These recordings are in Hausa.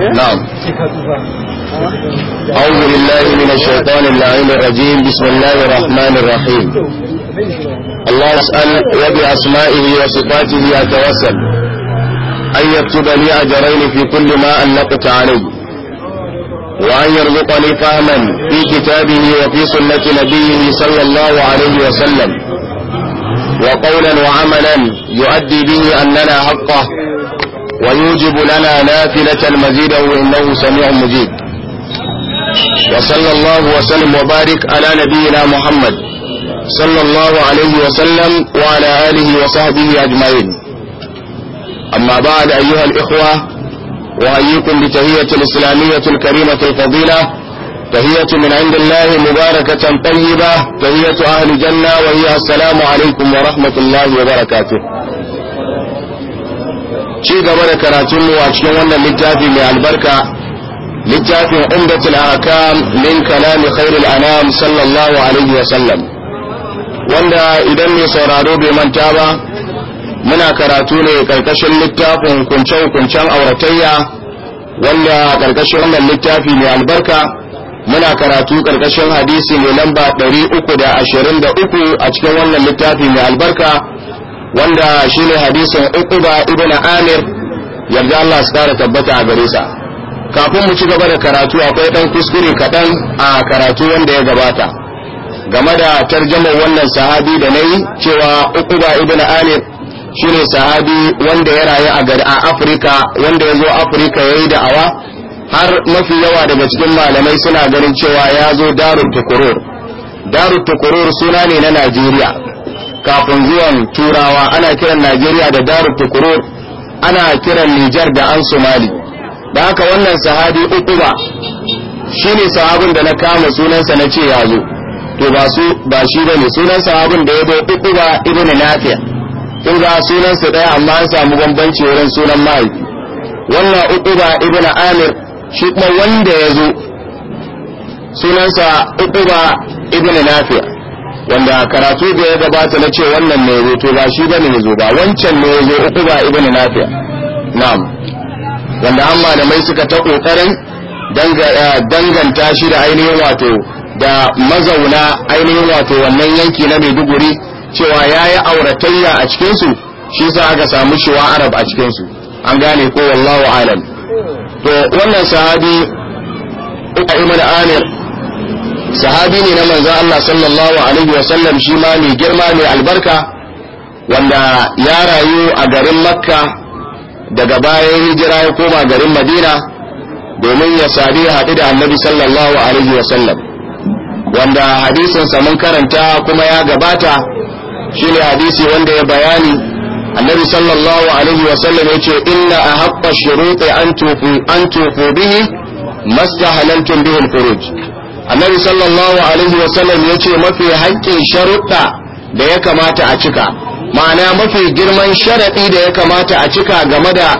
نعم أعوذ بالله من الشيطان اللعين الرجيم بسم الله الرحمن الرحيم الله أسأل وبأسمائه وصفاته أتوسل أن يكتب لي أجرين في كل ما ألقت عليه وأن يرزقني فهما في كتابه وفي سنة نبيه صلى الله عليه وسلم وقولا وعملا يؤدي به أننا حقه ويوجب لنا نافلة مزيدا وإنه سميع مجيب وصلى الله وسلم وبارك على نبينا محمد صلى الله عليه وسلم وعلى آله وصحبه أجمعين أما بعد أيها الإخوة وأيكم بتهية الإسلامية الكريمة الفضيلة تهية من عند الله مباركة طيبة تهية أهل الجنة وهي السلام عليكم ورحمة الله وبركاته ci gaba da karatunmu a cikin wannan littafi mai albarka littafin umdatul ahkam min kalami khairul anam sallallahu alaihi wa sallam wanda idan mai sauraro bai manta ba muna karatu ne karkashin littafin kunce-kuncen auratayya wanda karkashin wannan littafi mai albarka muna karatu karkashin hadisi mai lamba 323 a cikin wannan littafi mai albarka wanda shine hadisin uquba ibn amir yarda Allah su kara tabbata a gare sa kafin mu ci gaba da karatu akwai dan kuskure kadan a karatu wanda ya gabata game da tarjamar wannan sahabi da nayi cewa uquba ibn amir shine sahabi wanda ya rayu a gari a Afirka wanda ya zo Afirka yayi da'awa har mafi yawa daga cikin malamai suna ganin cewa ya zo darul tukurur darul tukurur suna ne na Najeriya kafin zuwan turawa ana kiran najeriya da darut tukurur ana kiran nijar da an somali da haka wannan sahabi shi shine sahabin da na kama sunansa na ce ya zo to ba su ba shi ne sunan sahabin da ya zo ukuba na fiya kun ga sunansa daya amma an samu bambanci wurin sunan mahaifi wannan ukuba ibn amir shi kuma wanda ya zo sunansa ukuba ibn fiya. wanda karatu da ya gabata na ce wannan ne zo ba shi ba ne zo ba wancan ne zo uku ba ibnu nafiya. na'am wanda an malamai suka ta kokarin eh, danganta shi da ainihin wato da mazauna ainihin wato wannan yanki na Maiduguri cewa ya yi auratayya a cikinsu shi sa aka samu shiwa arab a cikinsu. an gane ko wallahu alam to wannan sahabi ibnu amir sahabi ne na manzon Allah sallallahu alaihi wasallam shi ma mai girma mai albarka wanda ya rayu a garin makka daga bayan hijira ya koma garin madina domin ya ya haɗu da annabi sallallahu alaihi wasallam wanda hadisinsa mun karanta kuma ya gabata shi ne hadisi wanda ya bayani annabi sallallahu alaihi wasallam ya ce inna a haƙƙa shiruɗe an tufu bihi masu halaltun bihin furuj annabi sallallahu alaihi sallam ya ce mafi haƙƙin sharuɗa da ya kamata a cika ma'ana mafi girman sharaɗi da ya kamata a cika game da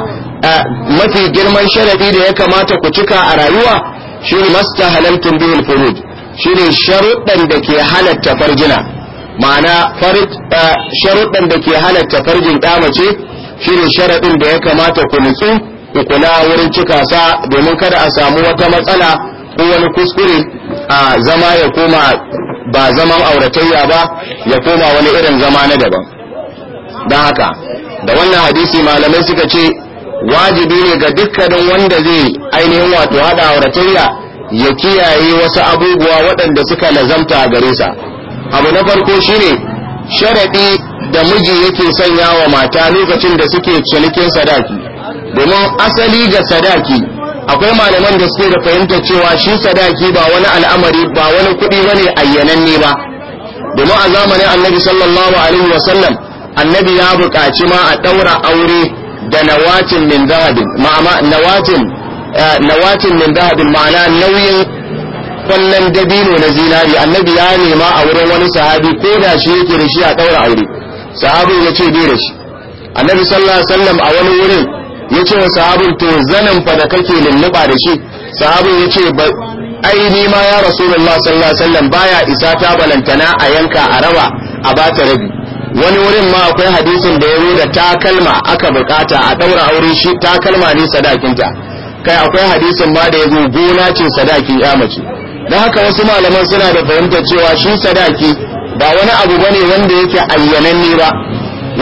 mafi girman sharaɗi da ya kamata ku cika a rayuwa shi ne masta halaltun bihul furud shi ne sharuɗan da ke halatta farjina ma'ana sharuɗan da ke halatta farjin ƙamace shi ne sharaɗin da ya kamata ku nutsu ku kula wurin cika sa domin kada a samu wata matsala ko wani kuskure a zama ya koma ba zaman auratayya ba ya koma wani irin zama na daban don haka da wannan hadisi malamai suka ce wajibi ne ga dukkanin wanda zai ainihin wato hada auratayya ya kiyaye wasu abubuwa waɗanda suka lazamta a gare sa abu na farko shine sharaɗi da miji yake sanya wa mata lokacin da suke cinikin sadaki domin asali ga sadaki akwai malaman da suke da fahimtar cewa shi sadaki ba wani al'amari ba wani kuɗi bane ayyananne ba domin a zamanin annabi sallallahu alaihi wa sallam annabi ya buƙaci ma a ɗaura aure da nawatin min zahabin ma'ama nawatin eh, nawatin min zahabin ma'ana nauyin kwallon dabino na zinari annabi ya nema a wurin wani sahabi ko da shi yake da shi a ɗaura aure Sahabi ya ce bai da shi annabi sallallahu alaihi wa sallam a wani wurin ya ce wa sahabin to zanen fa da kake lulluɓa da shi sahabin ya ce ai ni ma ya rasulullah sallallahu alaihi wasallam baya isa ta balantana a yanka a raba a bata rabi wani wurin ma akwai hadisin da ya da takalma aka bukata a daura aure shi takalma ne sadakinta kai akwai hadisin ma da ya zo gona ce sadaki ya mace don haka wasu malaman suna da fahimtar cewa shi sadaki ba wani abu bane wanda yake ayyananne ba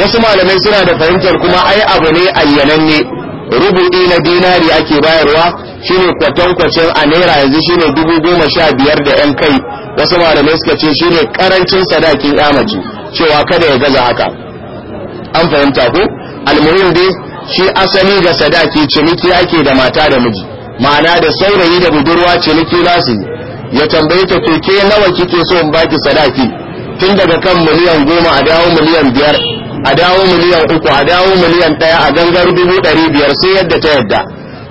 wasu malamai suna da fahimtar kuma ai abu ne ayyananne rubu'i na dinari ake bayarwa shine kwacin a naira yanzu shine dubu goma sha biyar da yan kai wasu malamai suka ce shine karancin sadakin yamaji cewa kada ya gaza haka an fahimta ko almuhim dai shi asali ga sadaki ciniki ake da mata da miji ma'ana da saurayi da budurwa ciniki yi ya tambaye ta to ke nawa kike so in baki sadaki tun daga kan miliyan goma a dawo miliyan biyar a dawo miliyan uku a dawo miliyan ɗaya a gangar dubu ɗari biyar sai yadda ta yadda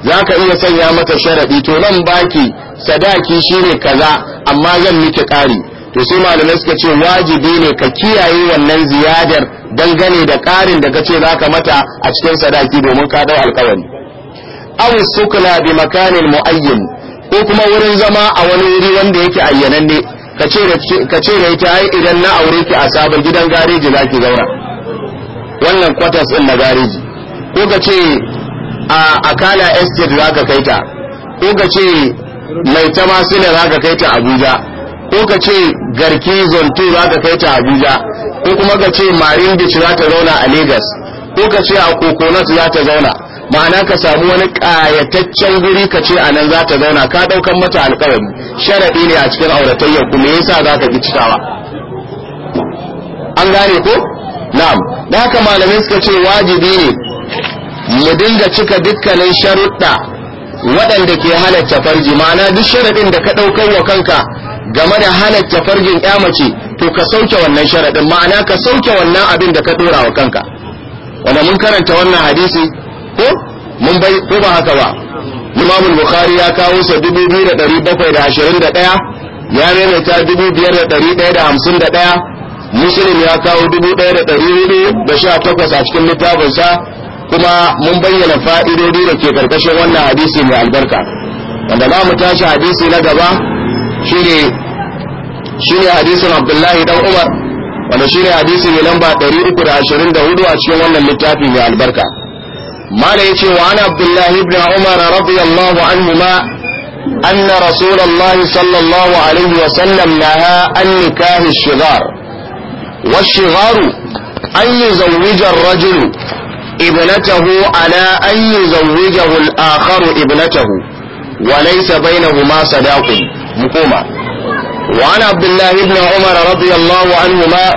za ka iya sanya mata sharaɗi to nan baki sadaki shine kaza amma zan miki ƙari to sai malamai suka ce wajibi ne ka kiyaye wannan ziyadar dangane da ƙarin da ka ce za ka mata a cikin sadaki domin ka ɗau alƙawari aw sukla bi makanin muayyin ko kuma wurin zama a wani wuri wanda yake ne ka ce da ita ai idan na aure ki a sabon gidan gareji za ki zauna wannan kwatas din na gareji ko ka ce a akala estate za ka kai ta ko ka ce mai tamasile za ka kai ta abuja ko ka ce garki zonto za ka kai ta abuja ko kuma ka ce marin beach za ta zauna a Legas. ko ka ce a kokonat za ta zauna ma'ana ka samu wani ƙayataccen guri ka ce a nan za ta zauna ka ɗaukan mata alƙawari sharaɗi ne a cikin auratayyar kuma yasa za ka ƙi cikawa an gane ko na'am da haka malamai suka ce wajibi ne mu dinga cika dukkanin sharuɗa waɗanda ke halatta farji ma'ana duk sharaɗin da ka ɗaukar wa kanka game da halatta farjin ya mace to ka sauke wannan sharaɗin ma'ana ka sauke wannan abin da ka ɗora wa kanka wanda mun karanta wannan hadisi ko mun bai ko ba haka ba Imam Bukhari ya kawo sa 2721 ya da ɗaya muslim ya kawo dubu ɗaya da ɗari hudu da sha takwas a cikin littafinsa kuma mun bayyana fa'idodi da ke karkashin wannan hadisi mai albarka wanda za mu tashi hadisi na gaba shine shine hadisin abdullahi dan umar wanda shine hadisi mai lamba ɗari uku da ashirin da hudu a cikin wannan littafi mai albarka mala yace wa ana abdullahi ibn umar radiyallahu anhuma أن رسول الله صلى الله عليه وسلم نهى عن نكاح الشغار والشغار أن يزوج الرجل ابنته على أن يزوجه الآخر ابنته وليس بينهما صداق مقومة وعن عبد الله بن عمر رضي الله عنهما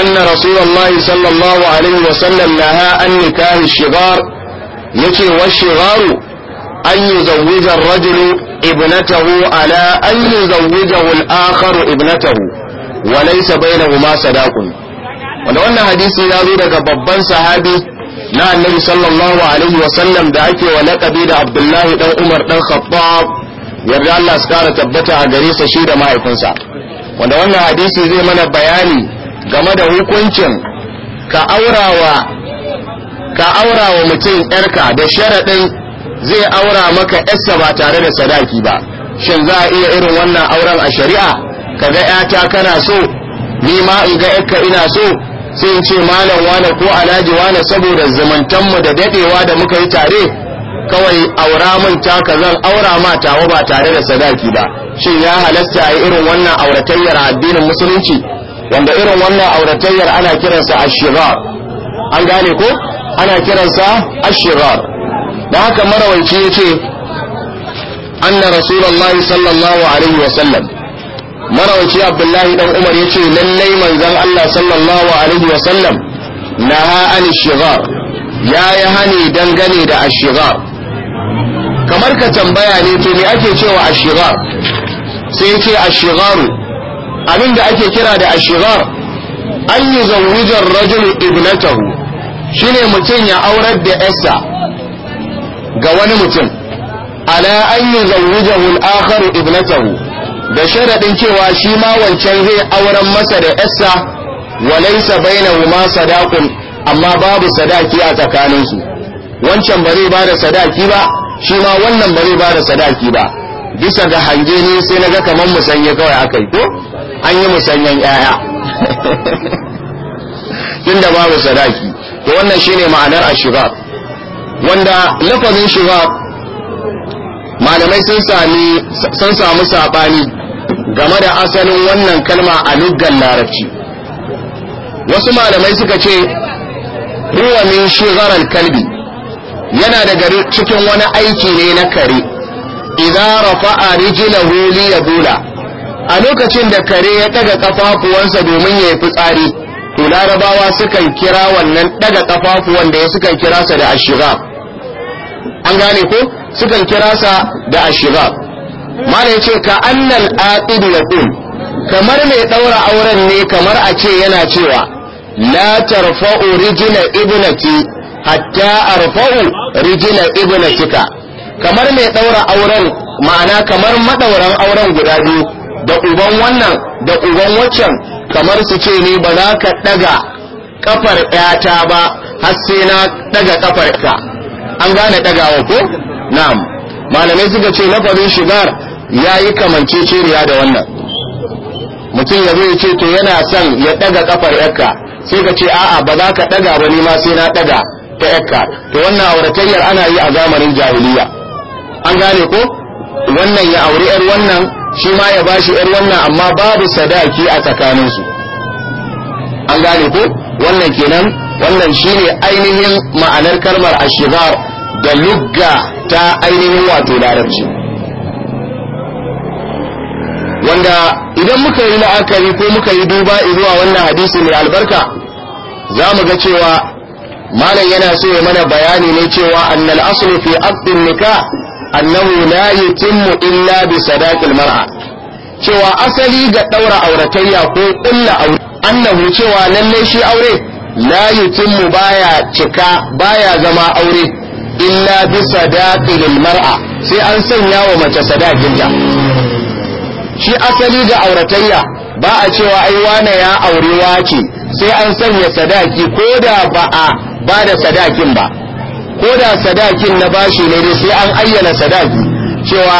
أن رسول الله صلى الله عليه وسلم نهى عن نكاه الشغار يتي والشغار أن يزوج الرجل ابنته على أن يزوجه الآخر ابنته wa laysa bainahuma sadaqun wanda wannan hadisi ya zo daga babban sahabi na annabi sallallahu alaihi wa sallam da ake wa laqabi da Abdullahi dan Umar dan Khattab yarda Allah su kara tabbata a gare sa shi da mahaifinsa wanda wannan hadisi zai mana bayani game da hukuncin ka aurawa ka aurawa mutum yarka da sharadin zai aura maka yarsa ba tare da sadaki ba shin za a iya irin wannan auren a shari'a kaga ƴata kana so ni ma in ga ƴarka ina so sai in ce malam wane ko alhaji wane saboda zumuntan mu da dadewa da muka yi tare kawai aura mun taka zan aura ma tawa ba tare da sadaki ba shin ya halasta a irin wannan auratayyar addinin musulunci wanda irin wannan auratayyar ana kiransa ashirar an gane ko ana kiransa ashirar da haka marawaici ya ce anna rasulullahi sallallahu alaihi wasallam marawaci abdullahi dan umar yace lallai manzon Allah sallallahu alaihi wa sallam naha an shighar yayi hani dangane da ashighar kamar ka tambaya ne to me ake cewa ashighar sai yace abin da ake kira da ashighar an yuzawwija ar-rajulu ibnatahu shine mutum ya aurar da yarsa ga wani mutum ala an yuzawwijahu al-akharu ibnatahu da sharaɗin cewa shi ma wancan zai auren masa da yassa walaisa ma sadaqun amma babu sadaki a tsakaninsu wancan ba zai bada sadaki ba shi ma wannan ba zai bada sadaki ba bisa ga hange ne sai naga kaman musanye kawai akai ko an yi musanyen yaya tunda babu sadaki to wannan shine ma'anar ashiba wanda lafazin shiba malamai sun sami sun samu sabani game da asalin wannan kalma a luggan larabci wasu malamai suka ce huwa min shigharal kalbi yana daga cikin wani aiki ne na kare idan rafa'a rijlahu ya bula. a lokacin da kare ya daga kafafuwansa domin ya yi fitsari to larabawa sukan kira wannan daga kafafuwan da ya sukan kira sa da ashiga an gane ko sukan kira sa da ashiga mala ce ka annal aqid yaqul kamar mai daura auren ne kamar a ce yana cewa la tarfa'u rijla ibnati hatta arfa'u rijla ibnatika kamar mai daura auren ma'ana kamar madauran auren guda biyu da uban wannan da uban waccan kamar su ce ne ba za ka daga kafar ƴata ba har sai na daga kafar ka an gane dagawa ko na'am malamai suka ce lafazin shigar ya yi kamanceceniya da wannan mutum ya zo ya ce to yana son ya ɗaga kafar yakka sai ka ce a'a ba za ka ɗaga ba ni ma sai na ɗaga ta yakka to wannan auratayyar ana yi a zamanin jahiliya an gane ko wannan ya auri yar wannan shi ma ya bashi yar wannan amma babu sadaki a tsakaninsu an gane ko wannan kenan wannan shine ainihin ma'anar kalmar ashigar da lugga ta ainihin wato larabci wanda idan muka yi la'akari ko muka yi duba zuwa wannan hadisi mai albarka za mu ga cewa malam yana so ya mana bayani ne cewa annal aslu fi aqdin nikah annahu la yutimmu illa bi sadaqil mar'a cewa asali ga daura auratayya ko illa aure annahu cewa lalle shi aure la yutimmu baya cika baya zama aure illa bi sadaqil mar'a sai an sanya wa mace ta shi asali da auratayya ba a cewa ai wane ya aure wace sai an sanya sadaki ko da ba a ba da sadakin ba ko da sadakin na bashi ne sai an ayyana sadaki cewa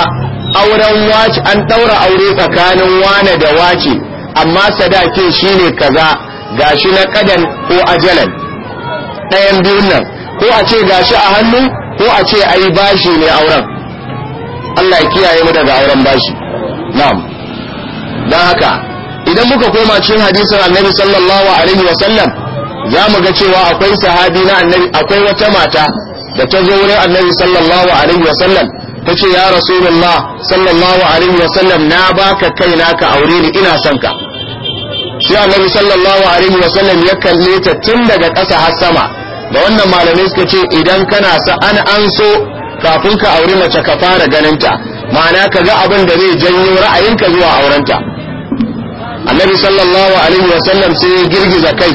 auren wace an daura aure tsakanin wane da wace amma sadakin shine kaza gashi na kadan ko ajalan ɗayan biyun nan ko a ce gashi a hannu ko a ce ai bashi ne auren Allah ya kiyaye mu daga auren bashi na'am dan haka idan muka koma cikin hadisin annabi sallallahu alaihi wa sallam za mu ga cewa akwai sahabi na annabi akwai wata mata da ta zo wurin annabi sallallahu alaihi wa sallam ta ce ya rasulullah sallallahu alaihi wa sallam na baka kaina ka aure ni ina son ka shi annabi sallallahu alaihi wa sallam ya kalle ta tun daga ƙasa har sama da wannan malamai suka ce idan kana sa an an so kafin ka auri mace ka fara ganinta ma'ana ka ga abin da zai janyo ra'ayinka zuwa aurenta annabi sallallahu alaihi wa sallam sai ya girgiza kai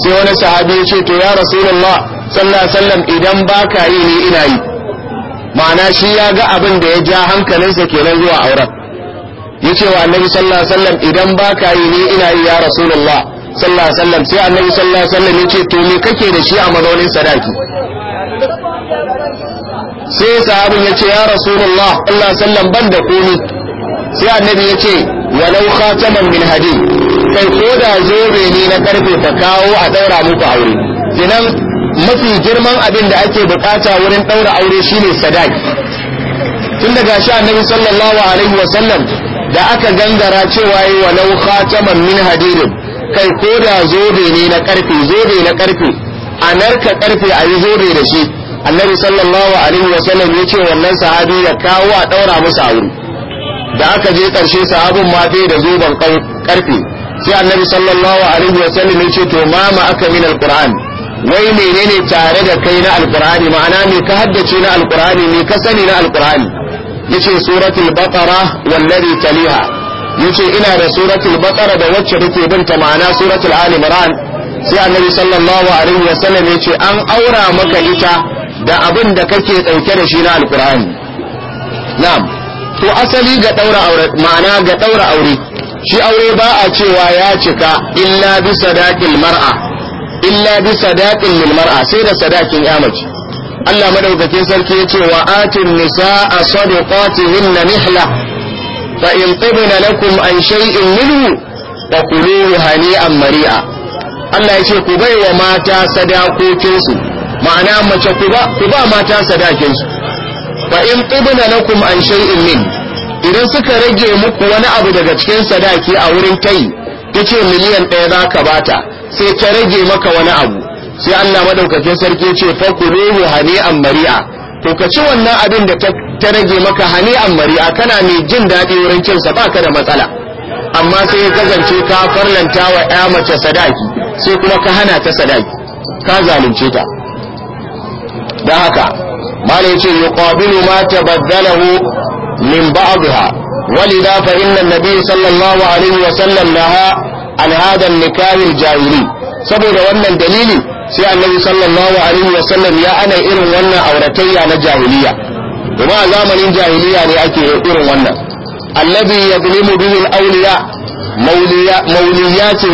sai wani sahabi ya ce to ya rasulullah sallallahu alaihi idan baka yi ni ina yi ma'ana shi ya ga abin da ya ja hankalinsa kenan zuwa auren ya ce wa annabi sallallahu alaihi idan baka yi ni ina yi ya rasulullah sallallahu alaihi wasallam sai annabi sallallahu alaihi wasallam yace to me kake da shi a mazaunin sadaki sai sahabin yace ya rasulullah sallallahu alaihi wasallam ban da komai sai annabi yace law khataman min hadid kai ko da zobe ne na karfe ka kawo a daura muku aure kenan mafi girman abin da ake bukata wurin daura aure shine sadaki tun daga shi annabi sallallahu alaihi wasallam da aka gangara cewa yi law khataman min hadidin kai ko da zobe ne na karfe zobe na karfe a narka karfe a yi zobe da shi annabi sallallahu alaihi wa sallam ya ce wannan sahabi ya kawo a daura musu aure da aka je karshe sahabin ma bai da zoben karfe sai annabi sallallahu alaihi wa sallam ya ce to mama aka min alquran wai menene tare da kai na alqurani ma'ana me ka haddace na alqurani me ka sani na alqurani yace suratul baqara wallazi taliha yace ina da suratul baqara da wacce take bin ta ma'ana suratul ali imran sai annabi sallallahu alaihi wasallam yace an aura maka ita da abin da kake dauke da shi na alqur'ani na'am to asali ga daura aure ma'ana ga daura aure shi aure ba a cewa ya cika illa bi sadaqil mar'a illa bi sadaqin lil mar'a sai da sadakin ya mace Allah madaukakin sarki yace wa atin nisaa sadaqatihinna nihla فإن طبن لكم عن شيء منه فكلوه هنيئا مريئا Allah ya ce ku bai wa mata sadakokinsu ma'ana mace ku ba mata sadakinsu fa in tibna lakum an shay'in min idan suka rage muku wani abu daga cikin sadaki a wurin kai kace miliyan ɗaya za ka bata sai ta rage maka wani abu sai Allah madaukakin sarki ce fa kuluhu hani'an mari'a to ka ci wannan abin da ta ta rage maka hani'an mari'a kana mai jin daɗi wurin cinsa ba ka da matsala amma sai ya kasance ka farlanta wa ya mace sadaki sai kuma ka hana ta sadaki ka zalunce ta da haka mala yace yuqabilu ma tabaddalahu min ba'dha ولذا فإن النبي صلى الله عليه وسلم نهى عن هذا النكاح الجاهلي saboda wannan dalili sai annabi sallallahu alaihi wasallam ya ana irin wannan auratayya na jahiliya kuma a zamanin jahiliya ne ake irin wannan allazi yadlimu mu al-awliya mauliya ce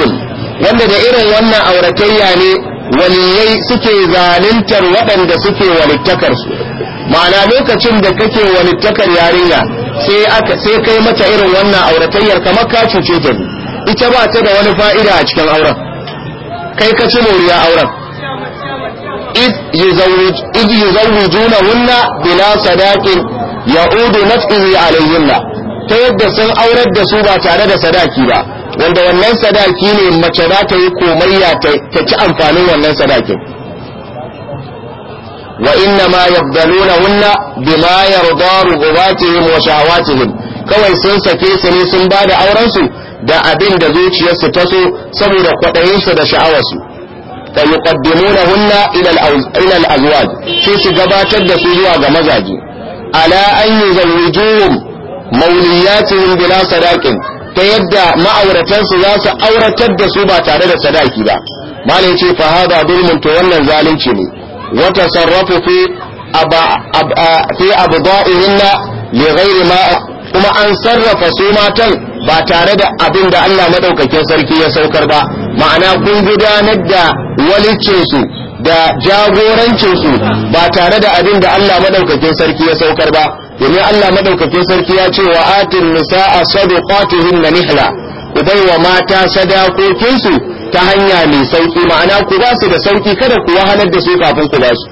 wanda da irin wannan auratayya ne waliyai suke zaluntar waɗanda suke walittakar su ma'ana lokacin da kake walittakar yarinya sai aka sai kai mata irin wannan auratayyar kamar ka cuce ta ita ba ta da wani fa'ida a cikin auren kai ka ci moriya auren juna إذ, يزوج إذ يزوجونهن بلا صداق يعود sun aurar da su ba tare da sadaki ba wanda wannan sadaki ne mace za ta yi komayya ta ci amfanin wannan sadakin wa inna ma yabdaluna hunna bima yarda rububatihim wa shahawatihim kawai sun sake su ne sun bada auren su da abin da zuciyarsu ta so saboda kwaɗayinsu da sha'awarsu fa yuqaddimunahunna ila ila ilal azwaj sai su gabatar da su zuwa ga mazaje ala an yuzawwijuhum mawliyatihim bila sadakin, ta yadda ma'auratansu za su auratar da su ba tare da sadaki ba malai ce fa hada dulmun to wannan zalunci ne wata sarrafu fi fi abda'ihinna li ghairi ma kuma an sarrafa su matan ba tare da abin da Allah madaukakin sarki ya saukar ba ma'ana kun gudanar da walicinsu da jagorancinsu ba tare da abin da Allah madaukakin sarki ya saukar ba domin Allah madaukakin sarki ya ce wa atin nisa'a sadaqatihinna nihla ku bai wa mata sadakokinsu ta hanya mai sauki ma'ana ku ba su da sauki kada ku wahalar da su kafin ku ba su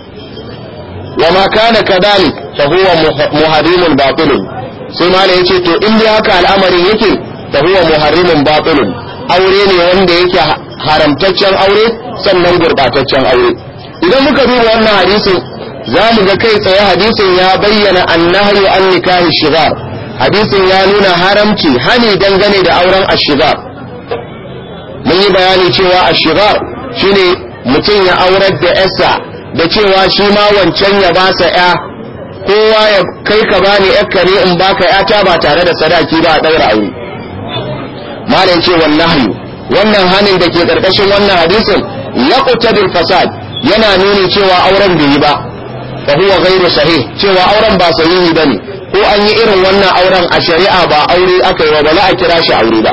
wa ma kana kadalik fa huwa muharrimun batilun sai mala yace to in dai haka al'amarin yake da huwa muharrimun batilun aure ne wanda yake haramtaccen aure sannan gurbataccen aure idan muka duba wannan hadisin za mu ga kai tsaye hadisin ya bayyana annahi an nikahi shigar hadisin ya nuna haramci hani dangane da auren ashigar mun yi bayani cewa ashigar shine mutum ya aurar da yasa da cewa shi ma wancan ya ba sa ya kowa ya kai ka bani 'yakare ne in baka yata ba tare da sadaki ba a daura aure mala yace wannan wannan hanin da ke karkashin wannan hadisin yaqtadil fasad yana nuni cewa auren bai yi ba fa huwa ghairu sahih cewa auren ba sahihi bane ko an yi irin wannan auren a shari'a ba aure aka yi ba bala a kira shi aure ba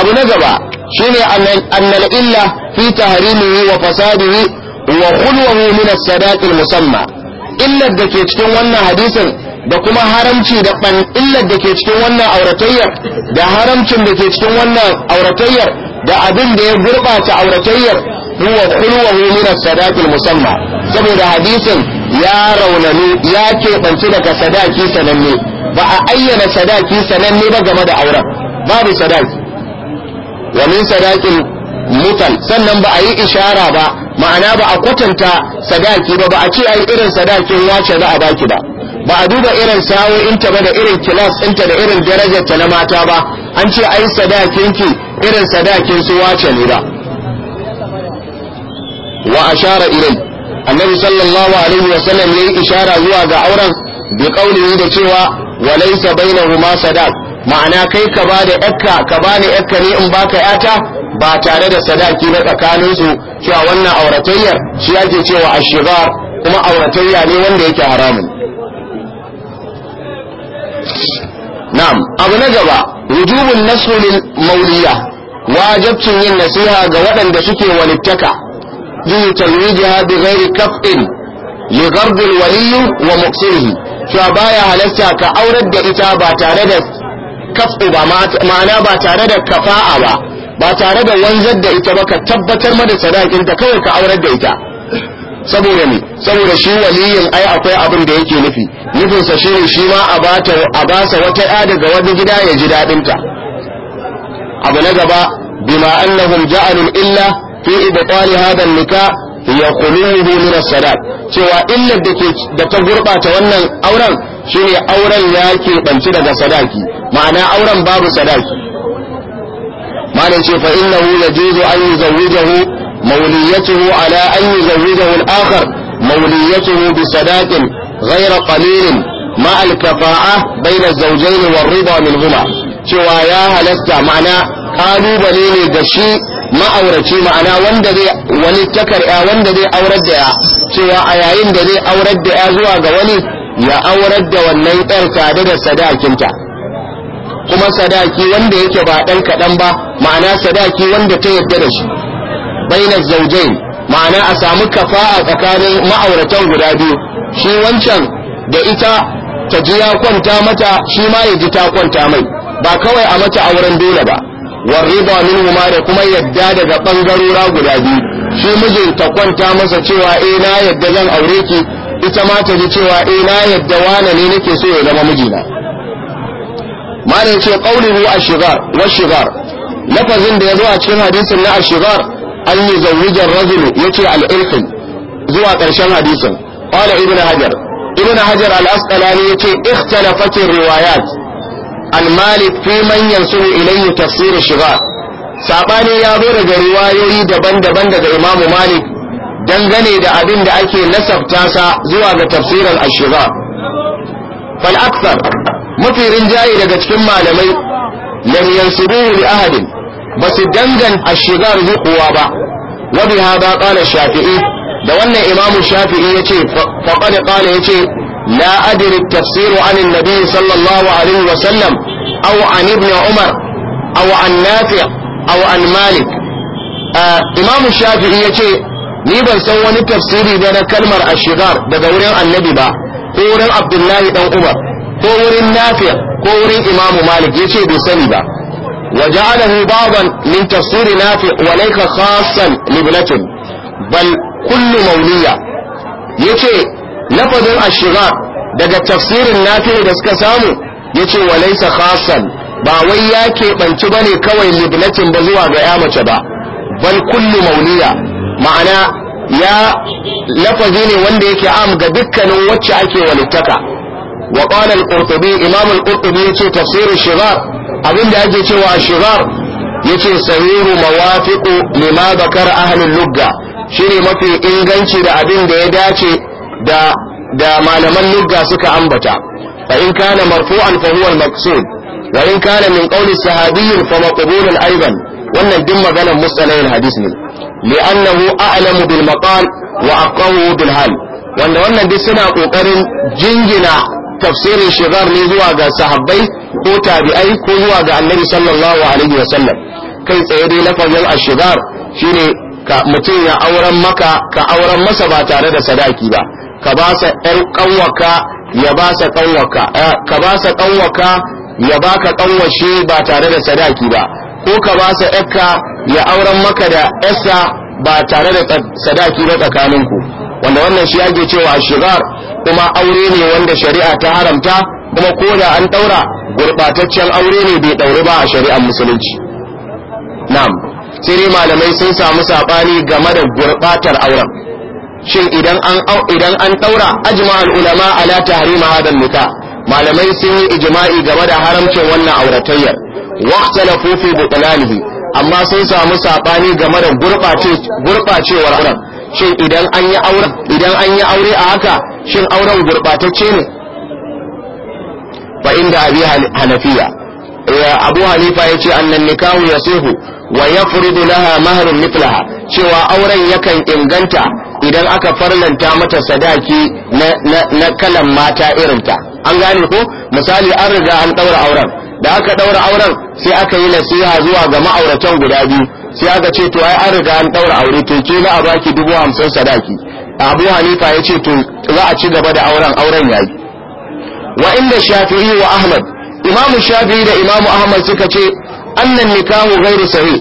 abu na gaba shine annal illa fi tahrimihi wa fasadihi wa khulwahu min as sadaqil musamma illar da ke cikin wannan hadisin da kuma haramci da ban illar da ke cikin wannan auratayyar da haramcin da ke cikin wannan auratayyar da abin da ya gurbata auratayyar huwa kulwahu min as-sadaqil musamma saboda hadisin ya raunani ya keɓanci daga sadaki sananne ba a ayyana sadaki sananne ba game da auren babu sadaki wa min sadaqil mutal sannan ba a yi ishara ba ma'ana ba a kwatanta sadaki ba ba a ce ai irin sadakin wace za a baki ba ba a duba irin ta ba da irin kilas ɗinta da irin darajarta na mata ba an ce ai sadakinki irin sadakin su wace ne ba wa ashara ilai annabi sallallahu alaihi wa sallam yayi ishara zuwa ga auren bi qaulihi da cewa wa laysa bainahuma sadaq ma'ana kai ka ba da yakka ka bani ni yakka ne in baka yata ba tare da sadaki na tsakanin su cewa wannan auratayyar shi yake cewa ashigar kuma auratayya ne wanda yake haramun na'am abu na gaba wujubin nasrul mauliya wajabcin yin nasiha ga waɗanda suke walittaka bi tarwijiha bi ghairi kaf'in li ghardi wa muqsirihi cewa baya halarta ka aurar da ita ba tare da kaf'u ba ma'ana ba tare da kafa'a ba ba tare da wanzar da ita ba ka tabbatar mada sadakinta kawai ka aurar da ita saboda ne saboda shi waliyin ai akwai abin da yake nufi nufinsa shi ne shi ma a bata a basa wata ya daga wani gida ya ji dadin ta abu na gaba bima annahum ja'alul illa fi ibtal hadha nika ya min as-salat cewa illar da ke da ta gurbata wannan auren shine auren ya ke banci daga sadaki ma'ana auren babu sadaki malam ce fa innahu yajuzu an yuzawwijahu موليته على أن da الآخر موليته بصداق غير قليل مع الكفاءة بين الزوجين والرضا منهما cewa ya halasta ma'ana ƙalubale ne ga shi ma'auraci ma'ana wanda wani takar ya wanda zai aurar da ya cewa a yayin da zai aurar da ya zuwa ga wani ya aurar da wannan yar tare da sadakinta kuma sadaki wanda yake ba dan kaɗan ba ma'ana sadaki wanda ta yadda da shi bainar zaujain ma'ana a samu a tsakanin ma'auratan guda biyu shi wancan da ita ta ji ya kwanta mata shi ma ya ji ta kwanta mai ba kawai a mata auren dole ba warriba minhu ma da kuma yadda daga bangarora guda biyu shi mijin ta kwanta masa cewa eh na yadda zan aure ki ita ma ta ji cewa eh na yadda wane ne nake so ya zama mijina malam ce qawluhu shigar wa shigar lafazin da ya zo a cikin hadisin na shigar. an yi zawujar rajulu yace al zuwa ƙarshen hadisin qala ibn hajar ibnu hajar al-asqalani yace ikhtalafat riwayat al-malik fi manyan yansuru ilayhi tafsir shiga sabani ya zo daga riwayoyi daban-daban daga imamu malik dangane da abin da ake nasabta sa zuwa ga tafsirin ashiga. fal aksar mafi rinjaye daga cikin malamai lam yansubuhu li ahadin ba su danganta shigar kowa ba wa bi hada qala shafi'i da wannan imamu shafi'i ya ce, faqad qala yace la adri at-tafsir an an-nabi sallallahu alaihi wa sallam aw an ibn umar aw an nafi' aw an malik imamu shafi'i ya ce, ni ban san wani tafsiri da na kalmar ashigar daga wurin annabi ba ko wurin abdullahi dan umar ko wurin nafi' ko wurin imamu malik ya ce bai sani ba وجعله بعضا من تفسير نافع وليس خاصا لابنته بل كل مولية يتي لفظ الشغاء دقى تفسير النافع دسك سامو يتي وليس خاصا باوي ياكي بنتبني كوي لابنته بزوى بأمة با بل كل مولية معنى ya lafazi ne wanda yake am ga dukkanin wacce ake walittaka wa qala al-qurtubi imam al-qurtubi yace tafsir shirar abin da ake cewa shigar yace sahihu mawafiqu lima bakar ahlul lugga shine mafi inganci da abin da ya dace da da malaman lugga suka ambata fa in kana marfu'an fa huwa al-maqsud wa in kana min qawli fa maqbulun aidan wannan duk maganar mustalahil hadis ne li'annahu a'lamu bil maqal wa aqawu bil hal wanda wannan duk suna kokarin jingina tafsirin shigar ne zuwa ga sahabbai ko tabi'ai ko zuwa ga annabi sallallahu alaihi wasallam kai tsaye dai lafazin ashigar shine ka mutum ya auren maka ka auren masa ba tare da sadaki ba ka ba sa ƴar ƙanwaka ya ba sa ƙanwaka eh, ka ba sa ƙanwaka ya ba ka ƙanwashe ba tare da sadaki ba ko ka ba sa ƴarka ya auren maka da ƴarsa ba tare da sadaki ba tsakaninku wanda wannan shi ake cewa ashigar kuma aure ne wanda shari'a ta haramta kuma ko da an daura gurbataccen aure ne bai ɗauri ba a shari'ar musulunci na'am sai malamai sun samu sabani game da gurbatar auren shin idan an idan an daura ajma'ul ulama ala tahrima hada malamai sun yi ijma'i game da haramcin wannan auratayyar waqtalafu fi butlanihi amma sun samu sabani game da gurbacewar auren shin idan an yi aure idan an yi aure a haka shin auren gurbatacce ne fa inda abi hanafiya eh, abu hanifa ya ce annan nikahu ya sihu wa ya furidu laha maharin miplaha cewa auren yakan inganta idan aka farlanta mata sadaki na kalan mata irinta an gane ko misali an riga an daura auren da aka daura auren sai aka yi nasiha zuwa ga ma'auratan guda biyu sai aka ce to ai an riga an daura aure to ke na a baki dubu hamsin sadaki abu hanifa ya ce to za a ci gaba da auren auren yayi wa inda shafi'i wa ahmad imam shafi'i da imam ahmad suka ce annan nikahu ghairu sahih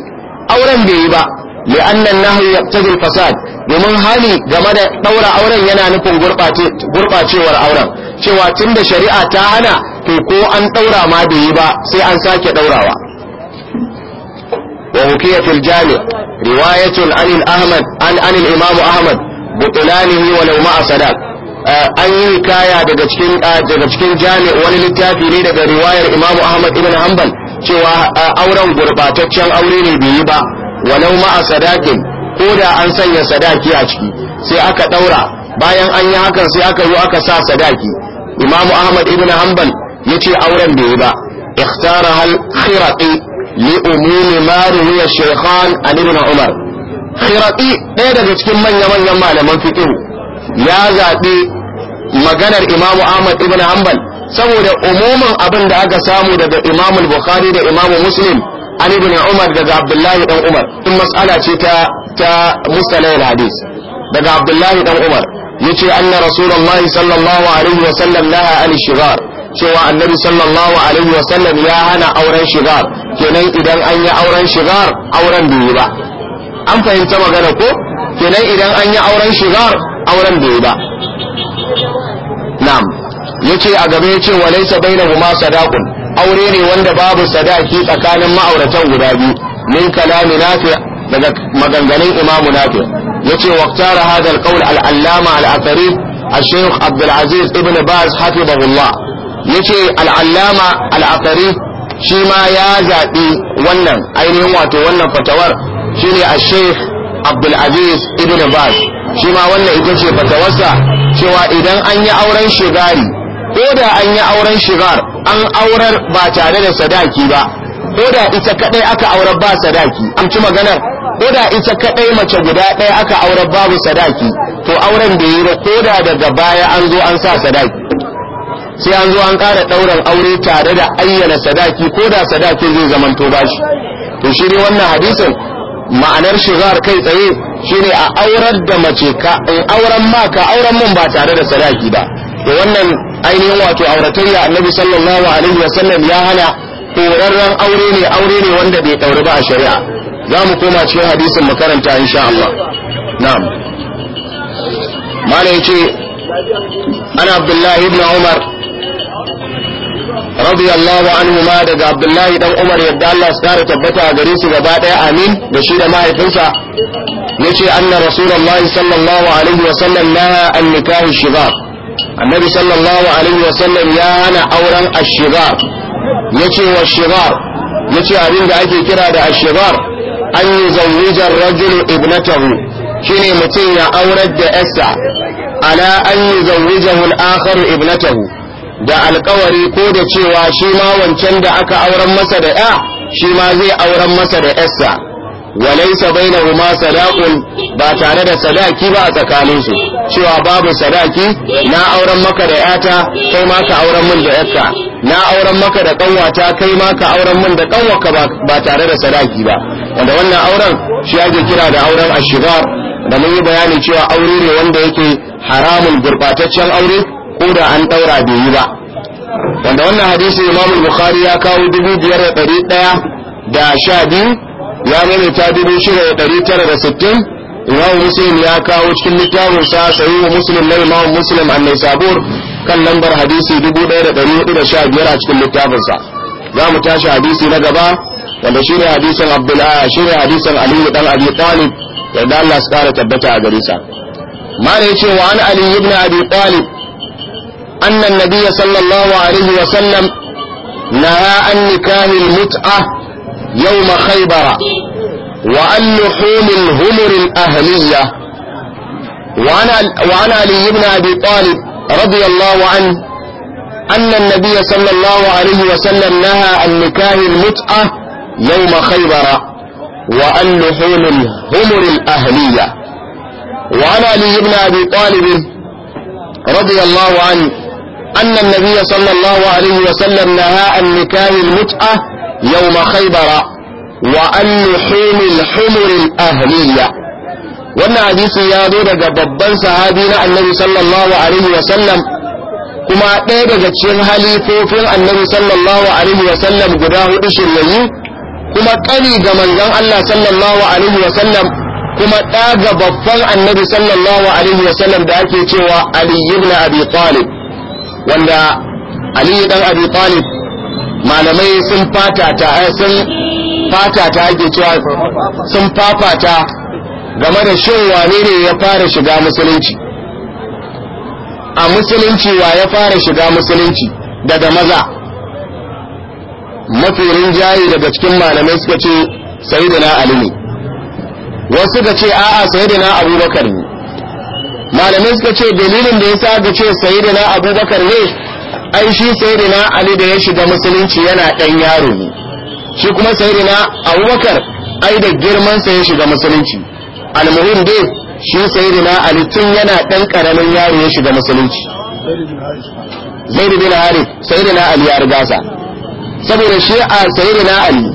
auren bai yi ba li annan nahyu yaqtadi fasad domin hali game da daura auren yana nufin gurbace gurbacewar auren cewa tunda shari'a ta hana to ko an daura ma bai yi ba sai an sake daurawa wa hukiya fil jami' riwayatun an ahmad an imam ahmad بطلانه ولو مع صداق an yi hikaya daga cikin eh, daga wani littafi ne daga riwayar Imam Ahmad ibn Hanbal cewa eh, auren gurbataccen aure ne bai yi ba walau ma a sadakin ko da an sanya sadaki a ciki sai aka daura bayan an yi hakan sai aka zo aka sa sadaki Imam Ahmad ibn Hanbal yace auren bai yi ba ikhtara hal khiraqi li umumi ma ruwiya shaykhan an ibn Umar khiraɗi ɗaya daga cikin manya-manyan malaman fiƙihu ya zaɓi maganar imamu ahmad ibn hanbal saboda umumin abin da aka samu daga imamu bukhari da imamu muslim an ibn umar daga abdullahi dan umar in matsala ce ta ta musalai hadis daga abdullahi dan umar yace anna rasulullahi sallallahu alaihi wa sallam laha an shigar cewa annabi sallallahu alaihi wa sallam ya hana auren shigar kenan idan an yi auren shigar auren bai yi ba an fahimta magana ko kenan idan an yi auren shigar auren bai ba na'am yace a gaba yace da bainahuma sadaqun aure ne wanda babu sadaki tsakanin ma'auratan guda biyu min kalami nafi daga maganganun imamu nafi yace waqtara hadha alqawl al-allama al-athari الشيخ عبد العزيز ابن باز حفظه الله يجي العلامة العثري shi ma ya zaɓi wannan ainihin wato wannan fatawar shine a sheikh abdulaziz ibn baz shi ma wannan ita ce fatawarsa cewa idan an yi auren shigari ko da an yi auren shigar an aurar ba tare da sadaki ba ko da ita kadai aka aurar ba sadaki an ci maganar ko da ita kadai mace guda ɗaya aka aurar babu sadaki to auren da yi ba ko da daga baya an zo an sa sadaki sai an zo an ƙara ɗaurin aure tare da ayyana sadaki ko da sadakin zai zamanto shi to shi ne wannan hadisin ma'anar shigar kai tsaye shine a aurar da mace ka in auren ma ka auren mun ba tare da sadaki ba to wannan ainihin wato auratayya annabi sallallahu alaihi sallam ya hana horarren aure ne aure ne wanda bai ɗauri ba a shari'a za mu koma cikin hadisin makaranta insha Allah na'am malai ce ana abdullahi ibn umar radiyallahu anhu ma daga abdullahi dan umar yadda Allah ya kare tabbata a gare su gaba ɗaya amin da shi da mahaifinsa yace anna rasulullahi sallallahu alaihi wa sallam la an nikahu shibab annabi sallallahu alaihi wa sallam ya hana auren ashibab yace wa shibab yace ake kira da ashibab an yuzawwija ar-rajulu shine mutum ya aurar da yarsa ala an yuzawwijahu al-akharu ibnatahu da alkawari ko da cewa shi ma wancan da aka auren masa da ya shi ma zai auren masa da yarsa walaisa bainahuma sadakun ba tare da sadaki ba a tsakaninsu cewa babu sadaki na auren maka da yata kai ma ka auren min da yarka na auren maka da kanwata kai ma ka auren min da kanwaka ba tare da sadaki ba wanda wannan auren shi ake kira da auren ashigar da mun yi bayani cewa aure ne wanda yake haramun gurbataccen aure ko da an daura bai yi ba wanda wannan hadisi imam bukhari ya kawo dubu biyar da ɗari ɗaya da sha biyu ya ta dubu shida da ɗari tara da sittin imam muslim ya kawo cikin littafin sa sayi wa muslim na imam muslim annai sabur kan lambar hadisi dubu ɗaya da ɗari hudu da sha biyar a cikin littafin sa za mu tashi hadisi na gaba wanda shi ne hadisin abdullahi shi ne hadisin aliyu dan abi talib yadda Allah su tabbata a gare sa ma ne cewa an ali ibn abi talib أن النبي صلى الله عليه وسلم نهى عن نكاه المتعة يوم خيبر وعن لحوم الهمر الأهلية وعن, وعن علي بن أبي طالب رضي الله عنه أن النبي صلى الله عليه وسلم نهى عن نكاه المتعة يوم خيبر وعن لحوم الهمر الأهلية وعن علي بن أبي طالب رضي الله عنه أن النبي صلى الله عليه وسلم نهى عن نكاح المتأة يوم خيبر وأن لحوم الحمر الأهلية wannan hadisi ya zo daga babban sahabi na annabi sallallahu alaihi wa sallam kuma ɗaya daga cikin halifofin annabi sallallahu alaihi wa sallam guda hudu shiryayyu kuma ƙani ga manzon Allah sallallahu alaihi wa sallam kuma ɗa ga babban annabi sallallahu alaihi wa sallam da ake cewa Ali ibn Abi wanda Ali dan Abi Talib malamai sun fatata eh, sun ta ake cewa sun fafata game da shin wane ne ya fara shiga musulunci a musulunci wa ya fara shiga musulunci daga maza mafi rinjaye daga cikin malamai suka ce sayyidina Ali ne wasu ga ce a'a sayyidina Abubakar ne malamai suka ce dalilin da ya sa ga ce sayyidina abubakar ne ai shi sayyidina ali da ya shiga musulunci yana dan yaro ne shi kuma sayyidina abubakar ai da girman sa ya shiga musulunci almuhim dai shi sayyidina ali tun yana dan karamin yaro ya shiga musulunci zaid bin harith sayyidina ali ya riga sa saboda shi a sayyidina ali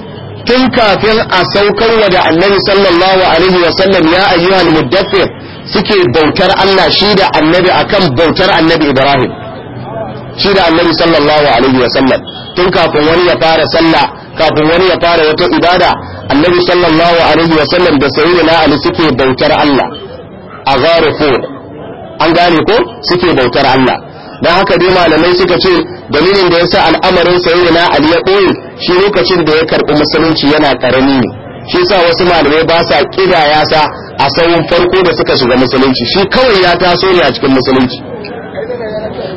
tun kafin a saukar wa da annabi sallallahu alaihi wa sallam ya ayyuhal muddaththir suke bautar Allah shi da annabi akan bautar annabi Ibrahim shi da annabi sallallahu alaihi wasallam tun kafin wani ya fara sallah kafin wani ya fara wata ibada annabi sallallahu alaihi wasallam da sayyidina Ali suke bautar Allah a gharifun an gane ko suke bautar Allah dan haka dai malamai suka ce dalilin da yasa al'amarin sayyidina Ali ya koyi shi lokacin da ya karbi musulunci yana karami ne shi sa wasu malamai ba sa ya sa a sauran farko da suka shiga musulunci shi kawai ya taso ne a cikin musulunci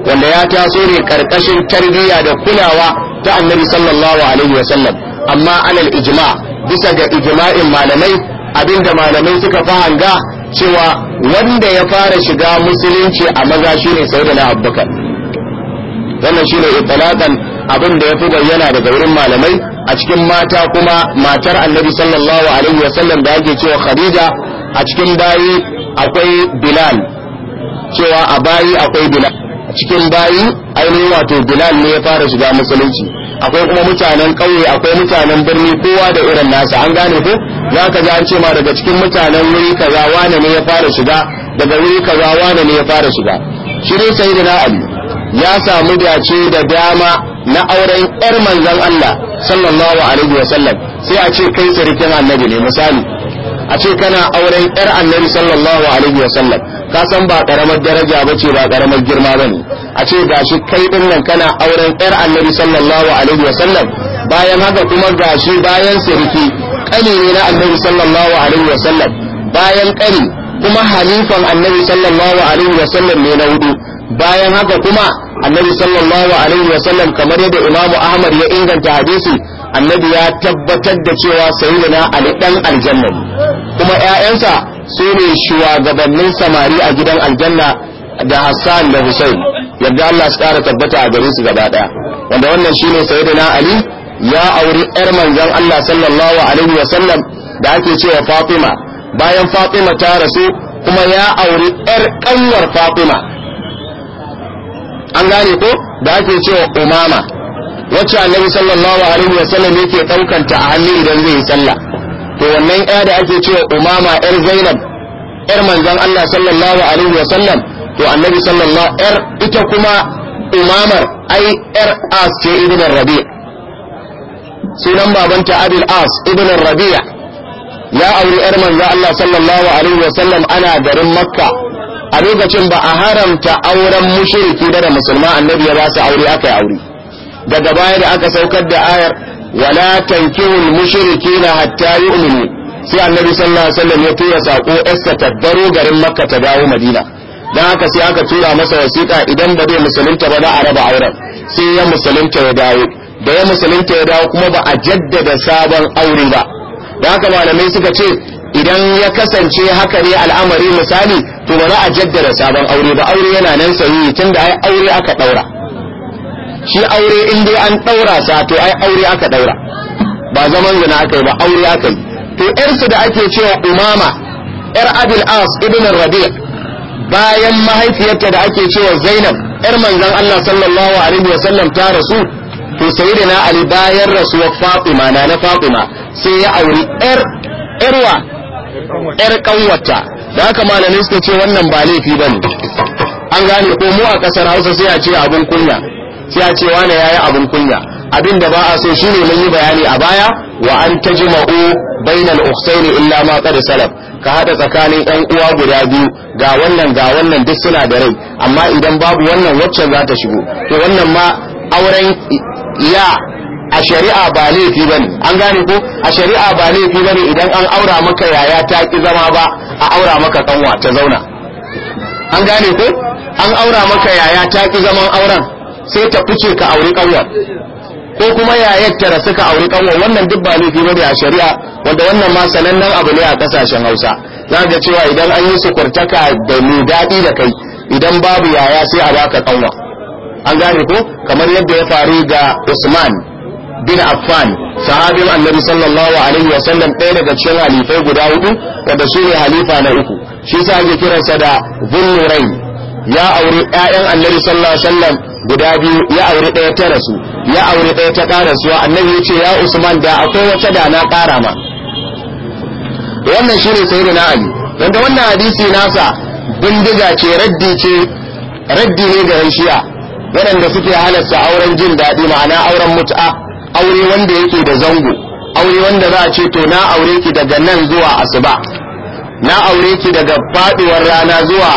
wanda ya taso ne karkashin tarbiyya da kulawa ta annabi sallallahu alaihi wasallam amma alal ijma bisa ga ijma'in malamai abinda malamai suka fahanga cewa wanda ya fara shiga musulunci a maza shine sayyidina abubakar wannan shine itlaqan abin da ya fi bayyana daga wurin malamai a cikin mata kuma matar annabi sallallahu alaihi wasallam da yake cewa khadija a cikin bayi akwai bilal cewa a bayi akwai bilal a cikin bayi ainihin wato bilal ne ya fara shiga musulunci akwai kuma mutanen ƙauye akwai mutanen birni kowa da irin nasa an gane ko za ka ji an ce ma daga cikin mutanen wuri kaza wane ne ya fara shiga daga wuri kaza wane ne ya fara shiga shi ne sayyidina ali ya samu dace da dama na auren ƴar manzon Allah sallallahu alaihi wa sallam sai a ce kai sarkin annabi ne misali a ce kana auren ƴar annabi sallallahu alaihi wa sallam ka san ba karamar daraja ba ce ba karamar girma bane a ce gashi kai din nan kana auren ƴar annabi sallallahu alaihi wa sallam bayan haka kuma gashi bayan sarki kani ne na annabi sallallahu alaihi wa sallam bayan kani kuma halifan annabi sallallahu alaihi wa sallam ne na hudu bayan haka kuma annabi sallallahu alaihi wa sallam kamar yadda imamu ahmad ya inganta hadisi annabi ya tabbatar da cewa sayyidina ali dan aljanna kuma ƴaƴansa su ne shugabannin samari a gidan aljanna da hassan da husain yadda Allah su kara tabbata a gare su gaba daya wanda wannan shine sayyidina ali ya auri ƴar manzon Allah sallallahu alaihi wa sallam da ake cewa fatima bayan fatima ta rasu kuma ya auri ƴar ƙanwar fatima an gane ko da ake cewa umama wacce annabi sallallahu alaihi wa sallam yake daukanta a hannu idan zai yi sallah to wannan ƴa da ake cewa umama ƴar zainab ƴar manzon Allah sallallahu alaihi wa sallam to annabi sallallahu yar ita kuma umamar ai yar as ce ibn rabi sunan babanta abil as ibn rabi'a ya auri ƴar manzon Allah sallallahu alaihi wa sallam ana garin makka a lokacin ba a haramta auren mushriki da musulma annabi ya ba su aure aka yi aure daga baya da aka saukar da ayar wala tankihul na hatta yu'minu sai annabi sallallahu alaihi wasallam ya tura sako esta tabbaro garin makka ta dawo madina dan haka sai aka tura masa wasiƙa idan ba zai musulunta ba za a raba auren sai ya musulunta ya dawo da ya musulunta ya dawo kuma ba a jaddada sabon aure ba da haka malamai suka ce idan ya kasance haka ne al'amari misali to ba za a jaddada sabon aure ba aure yana nan sahihi tunda ai aure aka daura shi aure in dai an daura sa to ai aure aka daura ba zaman zina aka yi ba aure aka yi to yarsu da ake cewa umama yar abil as ibn rabi' bayan mahaifiyarta da ake cewa zainab yar manzon Allah sallallahu alaihi wasallam ta rasu to sayyidina ali bayan rasuwar fatima na na fatima sai ya auri yar yarwa yar kanwata da haka malamin suka ce wannan ba laifi ba ne. an gane ko mu a kasar Hausa sai a ce abun kunya sai a ce wani yayi abun kunya abin da ba a so shine mun yi bayani a baya wa an tajma'u bainal ukhtayni illa ma qad salaf ka hada tsakanin ɗan uwa guda biyu ga wannan ga wannan duk suna da rai amma idan babu wannan wacce za ta shigo to wannan ma auren ya a shari'a ba laifi bane an gane ko a shari'a ba laifi bane idan an aura maka yaya ta ki zama ba a aura maka kanwa ta zauna an gane ko an aura maka yaya ta ki zaman auren sai ta fice ka aure kanwa ko kuma yayar ta rasu ka aure kanwa wannan duk ba laifi bane a shari'a wanda wannan ma sanannen abu ne a kasashen Hausa za ga cewa idan an yi sukurtaka da mai daɗi da kai idan babu yaya sai a baka kanwa an gane ko kamar yadda ya faru ga Usman bin Affan sahabin annabi sallallahu alaihi wa sallam ɗaya daga cikin halifai guda hudu wanda su ne halifa na uku shi sa ake kiransa da Dhulnurain ya auri ƴaƴan annabi sallallahu alaihi wa sallam guda biyu ya auri ɗaya ta rasu ya auri ɗaya ta ƙarasuwa annabi ya ce ya Usman da akwai wata da na ƙara ma wannan shi ne sai na Ali wanda wannan hadisi nasa bindiga ce raddi ce raddi ne ga shi'a waɗanda suke halarta auren jin daɗi ma'ana auren mut'a aure wanda yake da zango aure wanda za a ce to na aure ki daga nan zuwa asuba na aure ki daga faduwar rana zuwa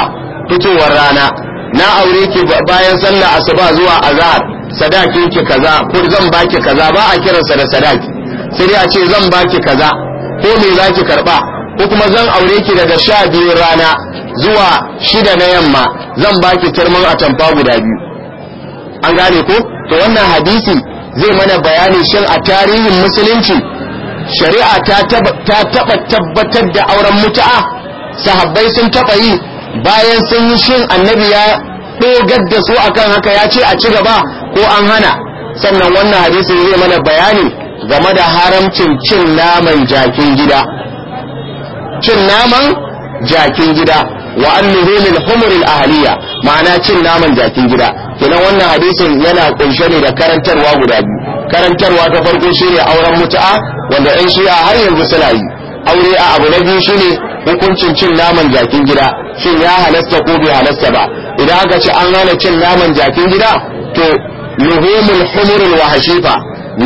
fitowar rana na aure ki bayan sallar asuba zuwa azhar sadaki ki kaza ko zan baki kaza ba a kiransa da sadaki sai ya a ce zan baki kaza ko me zaki karba ko kuma zan aure ki daga sha biyu rana zuwa shida na yamma zan baki turmin atamfa guda biyu an gane ko to wannan hadisi zai mana bayani shin a tarihin musulunci shari'a ta taba tabbatar da auren mutu'a sahabbai sun taba yi bayan sun yi shin annabi ya dogar da su akan haka ya ce a ci gaba ko an hana sannan wannan hadisin zai mana bayani game da haramcin cin naman jakin gida cin naman jakin gida wa annuhu min ahliya ma'ana cin naman jakin gida kenan wannan hadisin yana kunshe ne da karantarwa guda biyu karantarwa ta farko shine auren mutu'a wanda ɗan shi'a har yanzu suna yi aure a abu na biyu shine hukuncin cin naman jakin gida shin ya halasta ko bai halasta ba idan aka ce an hana cin naman jakin gida to luhumul humurul wahashifa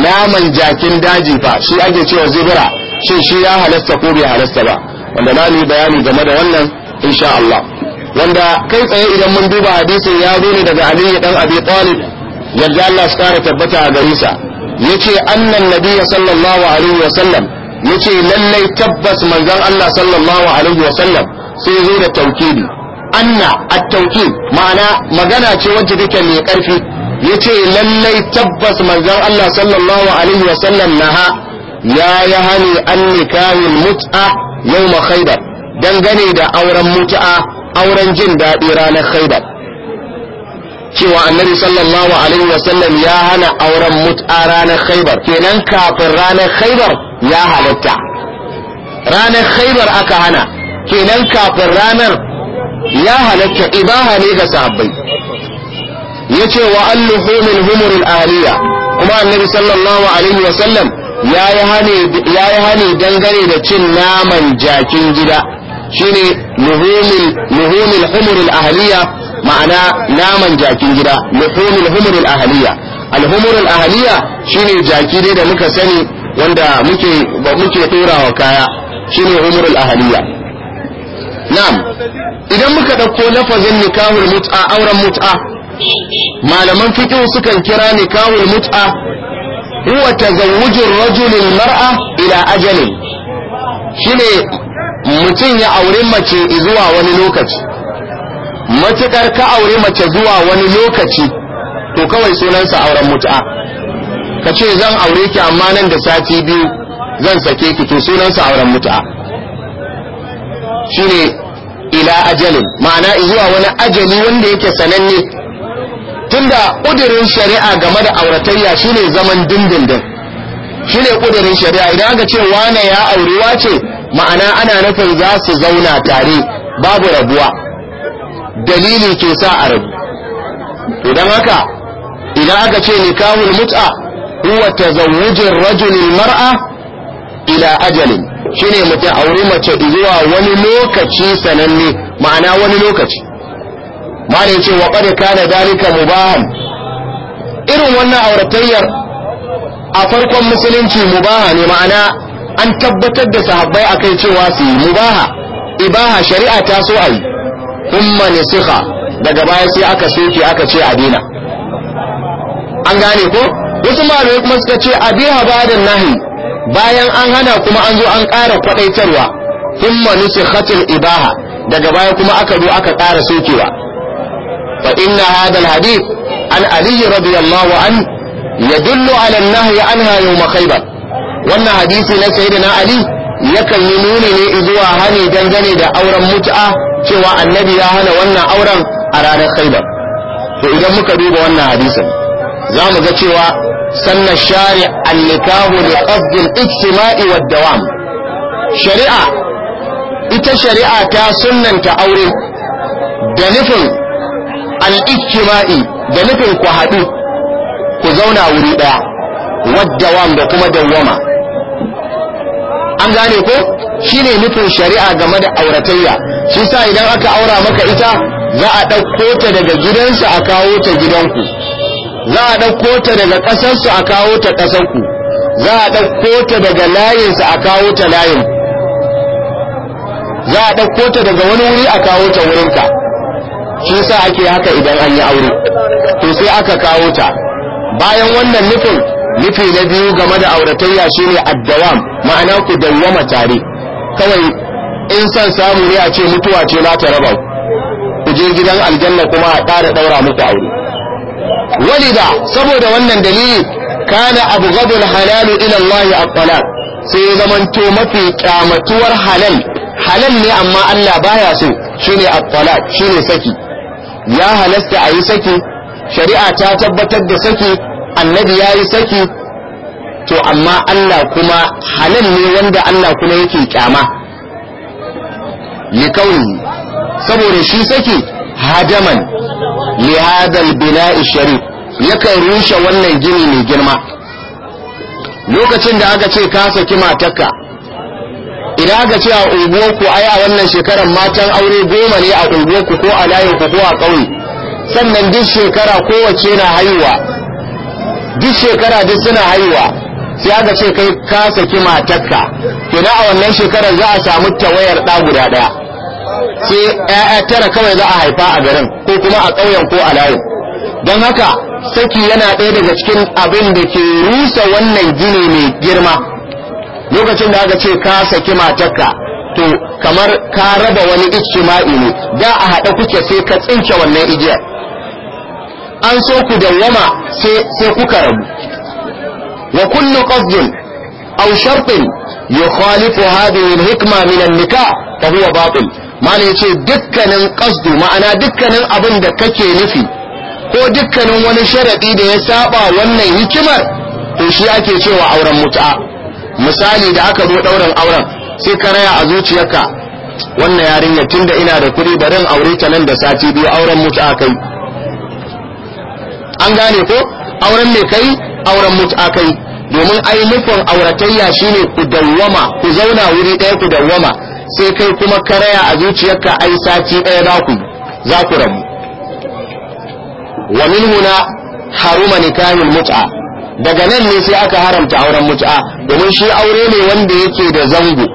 naman jakin daji fa shi ake cewa zubira shin shi ya halasta ko bai halasta ba wanda na bayani game da wannan insha Allah wanda kai tsaye idan mun duba hadisin ya zo ne daga aliyu dan abi talib yadda Allah su kara tabbata a gare sa yace annan nabiyya sallallahu alaihi wa sallam yace lallai tabbas manzon Allah sallallahu alaihi wa sallam sai zo da tawkidi anna at-tawkid ma'ana magana ce wacce take mai karfi yace lallai tabbas manzon Allah sallallahu alaihi wa sallam naha ya yahani an nikahil mut'a yawma khaybar dangane da auren mut'a auren jin daɗi ranar khaibar cewa annabi sallallahu alaihi wasallam ya hana auren mut'a ranar haibar. kenan kafin ranar haibar ya halatta ranar haibar aka hana kenan kafin ranar ya halatta ibaha ne ga sahabbai ya ce wa alluhu min humurul ahliya kuma annabi sallallahu alaihi wasallam ya yi hane dangane da cin naman jakin gida shine luhumil luhumil humuril ahliya ma'ana naman jakin gida luhumil humuril ahliya alhumuril ahliya shine jaki dai da muka sani wanda muke ba muke dorawa kaya shine humuril ahliya na'am idan muka dauko lafazin nikahul mut'a auren mut'a malaman fiqh sukan kira nikahul mut'a huwa tazawwujur rajuli mar'a ila ajalin shine mutum ya aure mace zuwa wani lokaci matukar ka aure mace zuwa wani lokaci to kawai sunansa auren mutu'a. ka ce zan aure ki amma nan da sati biyu zan sake ki to sunansa auren Shi shine ila ajalin ma'ana zuwa wani ajali wanda yake sananne tunda ƙudurin shari'a game da auratayya shine zaman dindindin shine ƙudurin shari'a idan aka ce wane ya auri wace ma'ana ana nufin za su zauna tare babu rabuwa dalili ke sa a rabu idan haka idan aka ce nikahul mut'a huwa tazawwujin rajulil mar'a ila ajalin shine mutum auri mace zuwa wani lokaci sananne ma'ana wani lokaci malai ce wa qad kana dalika mubahan irin wannan auratayyar a farkon musulunci mubaha ne ma'ana an tabbatar da sahabbai kai cewa su yi mubaha ibaha shari'a ta so ayi umma nasiha daga baya sai aka soke aka ce a dina an gane ko wasu malamai kuma suka ce a biha bada nahi bayan an hana kuma an zo an ƙara kwadaitarwa umma nusikhatil ibaha daga baya kuma aka zo aka ƙara sokewa fa inna hadha Hadith an ali radiyallahu an yadullu ala an-nahy anha yawm khaybar wannan hadisi na sayyidina ali yakan yi nuni ne zuwa hani dangane da auren mut'a cewa annabi ya hana wannan auren a ranar khaybar to idan muka duba wannan hadisin za mu ga cewa sannan shari al-nikahu li qasdil ijtima'i wad dawam shari'a ita shari'a ta sunnanta aure da nufin al ijtima'i da nufin ku haɗu ku zauna wuri ɗaya wad dawam da kuma dawwama an gane ko shine nufin shari'a game da auratayya shi sa idan aka aura maka ita za a ɗauko ta daga gidansa a kawo ta gidanku za a ɗauko ta daga ƙasarsu a kawo ta ƙasarku za a ɗauko ta daga layinsa a kawo ta layin za a ɗauko ta daga wani wuri a kawo ta wurinka shi sa ake haka idan an yi aure to sai aka kawo ta bayan wannan nufin nufi na biyu game da auratayya shine addawam ma'ana ku dawwama tare kawai in son samu ne a ce mutuwa ce za ta raba ku je gidan aljanna kuma a ƙara ɗaura muku aure walida saboda wannan dalili kana abu gadul halalu ila Allah aqwala sai zaman to mafi kyamatuwar halal halal ne amma Allah baya so shine aqwala shine saki ya halasta ayi saki shari'a ta tabbatar da saki annabi ya yi saki to amma Allah kuma halin ne wanda Allah kuma yake kyama kauni saboda shi saki hadaman li hadal bina'i sharif yakan rushe wannan gini mai girma lokacin da aka ce ka saki matarka idan aka ce a unguwarku ai a wannan shekarar matan aure goma ne a unguwarku ko a layinku ko a ƙauye sannan duk shekara kowace na haihuwa duk shekara duk suna haihuwa sai aka ce kai ka saki matarka kina a wannan shekarar za a samu tawayar ɗa guda ɗaya sai ƴaƴa tara kawai za a haifa a garin ko kuma a ƙauyen ko a layin don haka saki yana ɗaya daga cikin abin da ke rusa wannan gini mai girma lokacin da aka ce ka saki matarka to kamar ka raba wani ijtima'i ne da a haɗa kuke sai ka tsinke wannan igiyar an so ku dawwama sai kuka rabu wa kullu qasdin aw shartin yukhalifu hadhihi al-hikma min an-nikah fa huwa batil mala yace dukkanin qasdu ma'ana dukkanin abin da kake nufi ko dukkanin wani sharadi da ya saba wannan hikimar to shi ake cewa auren mut'a misali da aka zo dauran auren sai ka raya a zuciyarka wannan yarinya tunda ina da kuɗi barin aure ta nan da sati biyu auren mut'a kai an gane ko auren me kai auren mut'a kai domin ai nufin auratayya shine ku dawwama ku zauna wuri ɗaya ku dawwama sai kai kuma karaya a zuciyarka ai sati ɗaya za ku za ku rabu wa min huna haruma nikahul mut'a daga nan ne sai aka haramta auren mut'a domin shi aure ne wanda yake da zango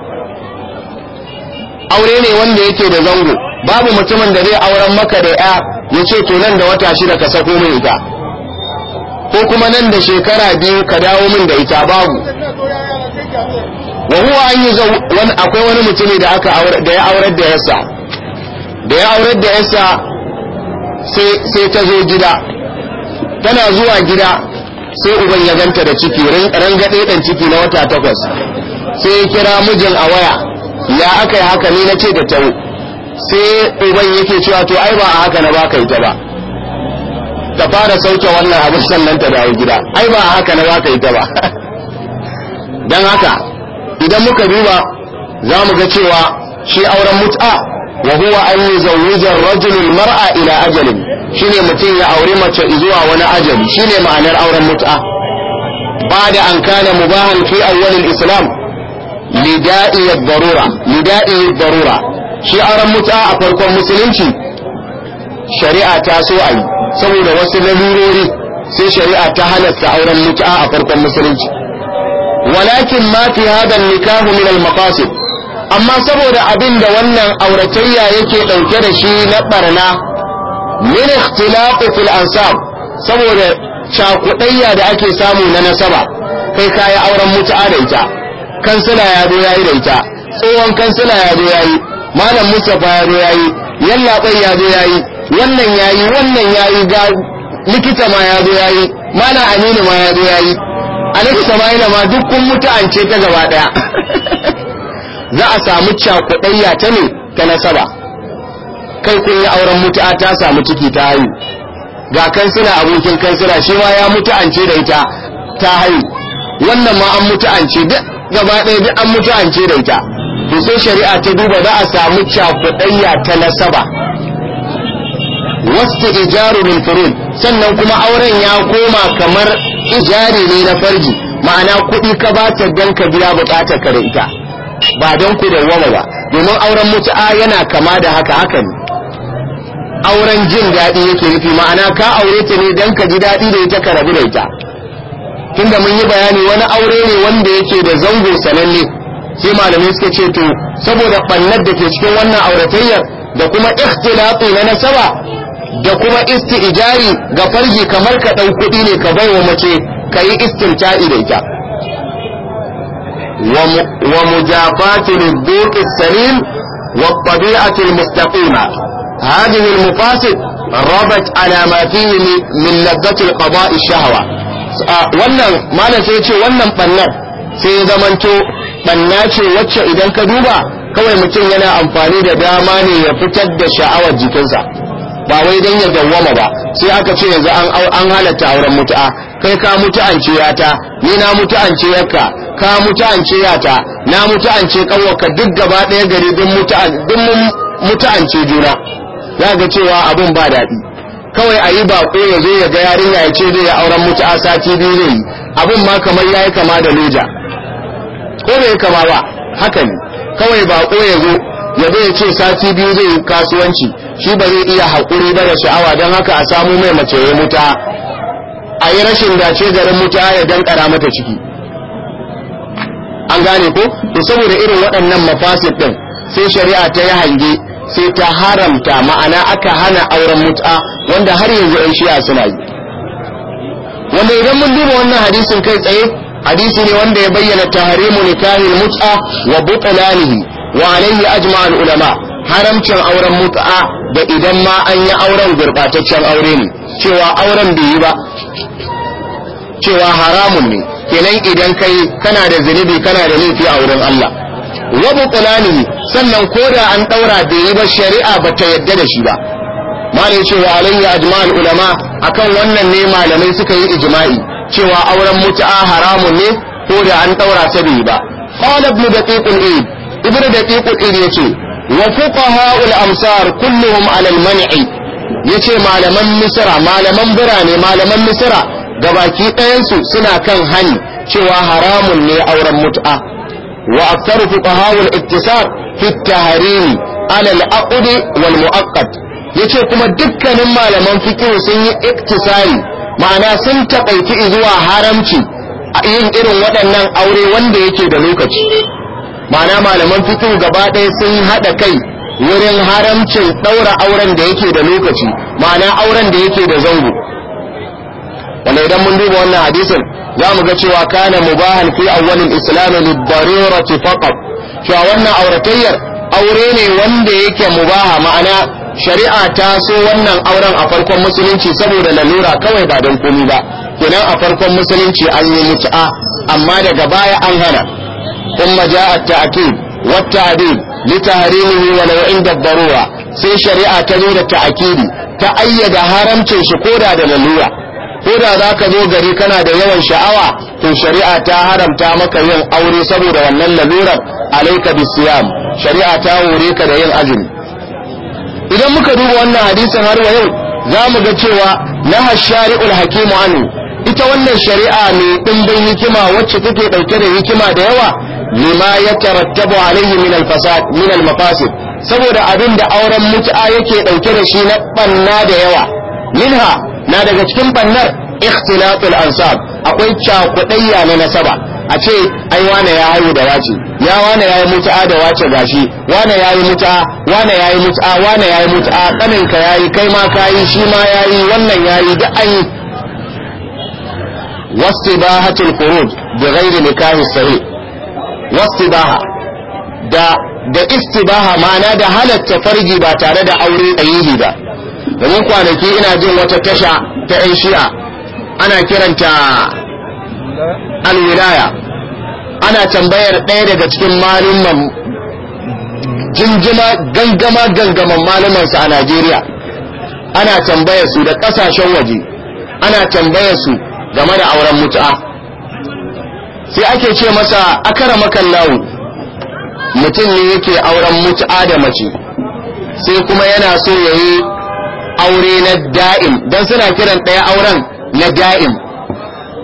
aure ne wanda yake da zango babu mutumin da zai auren maka da ya ya ce to nan da wata shida ka sako mai ita ko kuma nan da shekara biyu ka dawo min da ita babu wa huwa an yi wani akwai wani mutumi da aka da ya aurar da yasa da ya aurar da yasa sai sai ta zo gida tana zuwa gida sai uban ya ganta da ciki gade dan ciki na wata takwas sai ya kira mijin a waya ya aka haka ne nace da tawo sai uban yake cewa to ai ba a haka na baka ita ba ta fara sauke wannan abin sannan ta dawo gida ai ba haka na za ka yi ta ba don haka idan muka duba za mu ga cewa shi auren mut'a wa huwa an yuzawwija rajulul mar'a ila ajalin shine mutum ya aure mace zuwa wani ajali shine ma'anar auren mut'a da an kana mubahan fi awwalil islam lida'i ad-darura lida'i darura shi auren mut'a a farkon musulunci shari'a ta so a yi saboda wasu lalurori sai shari'a ta halasta auren nika a farkon musulunci walakin ma fi hadan nikahu min al maqasid amma saboda abin da wannan auratayya yake dauke da shi na barna min ikhtilaq fil ansab saboda cakudayya da ake samu na nasaba kai kayi auren mut'a da ita kansila ya zo yayi da ita tsohon kansila ya zo yayi malam mustafa ya zo yayi bai ya zo yayi wannan yayi wannan yayi ga likita ma ya zo yayi mana aminu ma ya zo yayi alaihi sama'ila ma duk kun mutu'ance ta gaba daya za a samu cakudayya ta ne ta nasaba kai kun yi auren mutu'a ta samu ciki ta haihu ga kansila abokin kansila shi ma ya mutu'ance da ita ta haihu wannan ma an mutu'ance duk gaba ɗaya duk an mutu'ance da ita to sai shari'a ta duba za a samu cakudayya ta nasaba wasu ijaru min furun sannan kuma auren ya koma kamar ijari ne na farji ma'ana kuɗi ka ba ta don ka biya buƙatar ka da ita ba don ku da wama ba domin auren mutu'a yana kama da haka haka ne auren jin daɗi yake nufi ma'ana ka aure ta ne don ka ji daɗi da ita ka rabu da ita tunda mun yi bayani wani aure ne wanda yake da zango sananne sai malamai suka ce to saboda ɓannar da ke cikin wannan auratayyar da kuma ikhtilatu na nasaba da kuma isti'jari ga farji kamar ka ɗau kuɗi ne ka bai wa mace ka yi da ita wa mujafatin duki salim wa tabi'ati almustaqima hadhihi almufasid rabat ala ma fihi min ladati al shahwa wannan malam sai ce wannan bannan sai zamanto banna ce wacce idan ka duba kawai mutum yana amfani da dama ne ya fitar da sha'awar jikinsa ba wai dan ya dawwama ba sai aka ce yanzu an an halatta auren mutu'a kai ka mutu'ance yata ni na mutu'ance yakka ka mutu'ance yata na mutu'ance kawaka duk gaba ɗaya gari duk din mun mutu'ance juna za ga cewa abun ba daɗi kawai ayi yi baƙo ya zo ya ga yarinya ya ce zai auren mutu'a sati biyu ne abun ma kamar ya kama da loja ko bai kama ba haka ne kawai baƙo ya zo ya ya ce sati biyu zai yi kasuwanci shi ba zai iya haƙuri ba da sha'awa don haka a samu mai mace ya muta a yi rashin dace garin muta ya dankara mata ciki an gane ko to saboda irin waɗannan mafasid ɗin sai shari'a ta yi hange sai ta haramta ma'ana aka hana auren muta wanda har yanzu 'yan shi'a suna yi wanda idan mun duba wannan hadisin kai tsaye hadisi ne wanda ya bayyana tahrimu nikahil mut'a wa butlanihi wa alaihi ajma'ul ulama haramcin auren mutu'a da idan ma an yi auren gurbataccen aure ne cewa auren bai yi ba cewa haramun ne kenan idan kai kana da zunubi kana da laifi a wurin Allah wa buqulani sannan ko da an ɗaura bai yi ba shari'a ba ta yadda da shi ba malai cewa alayhi ajma'ul ulama akan wannan ne malamai suka yi ijma'i cewa auren mutu'a haramun ne ko da an ɗaura ta bai yi ba qala ibn daqiq al-id ibn daqiq al yace wa fuqaha al amsar kullum ala al man'i yace malaman misra malaman birane malaman misra gabaki ɗayan su suna kan hani cewa haramun ne auren mut'a wa aktaru fuqaha al ittisar fi tahrim ala al wal muaqqad yace kuma dukkanin malaman fiqh sun yi iktisari ma'ana sun taƙaiti zuwa haramci yin irin waɗannan aure wanda yake da lokaci ma'ana malaman fitin gaba ɗaya sun haɗa kai wurin haramcin ɗaura auren da yake da lokaci ma'ana auren da yake da zango wanda idan mun duba wannan hadisin za mu ga cewa kana mubahan fi awwalin islami li darurati faqat cewa wannan auratayyar aure ne wanda yake mubaha ma'ana shari'a ta so wannan auren a farkon musulunci saboda lalura kawai ba don komi ba kenan a farkon musulunci an yi mut'a amma daga baya an hana ثم جاء التأكيد والتعديد لتحريمه ولو عند dabbarowa, sai shari'a ta zo da ta'akidi ta ayyada haramcin shi koda da lalura da za ka zo gari kana da yawan sha'awa to shari'a ta haramta maka yin aure saboda wannan lalurar alaika bisiyam shari'a ta hore ka da yin azumi idan muka duba wannan hadisin har wa yau za mu ga cewa naha shari'ul hakimu anu ita wannan shari'a mai dimbin hikima wacce kake ɗauke da hikima da yawa lima yatarattabu alaihi min al-fasad min al saboda abin da auren mut'a yake dauke da shi na banna da yawa minha na daga cikin bannar ikhtilatul ansab akwai cakudayya na nasaba a ce ai wane ya haihu da wace ya wane ya yi mut'a da wace gashi wane ya yi mut'a wane ya yi mut'a wane ya yi mut'a kaninka ya yi kai ma ka yi shi ma ya yi wannan ya yi duk an yi واستباحة الخروج بغير نكاح صحيح wastibaha da da istibaha ma'ana da halatta farji ba tare da aure tsayihi ba domin kwanaki ina jin wata tasha ta yan shi'a ana kiranta alwilaya ana tambayar ɗaya daga cikin malumman jinjima gangama gangaman malumansu a najeriya ana tambayar su da ƙasashen waje ana tambayar su game da auren mutu'a sai ake ce masa akara makallahu mutum ne yake auren mutu'a da mace sai kuma yana so ya yi aure na da'im don suna kiran ɗaya auren na da'im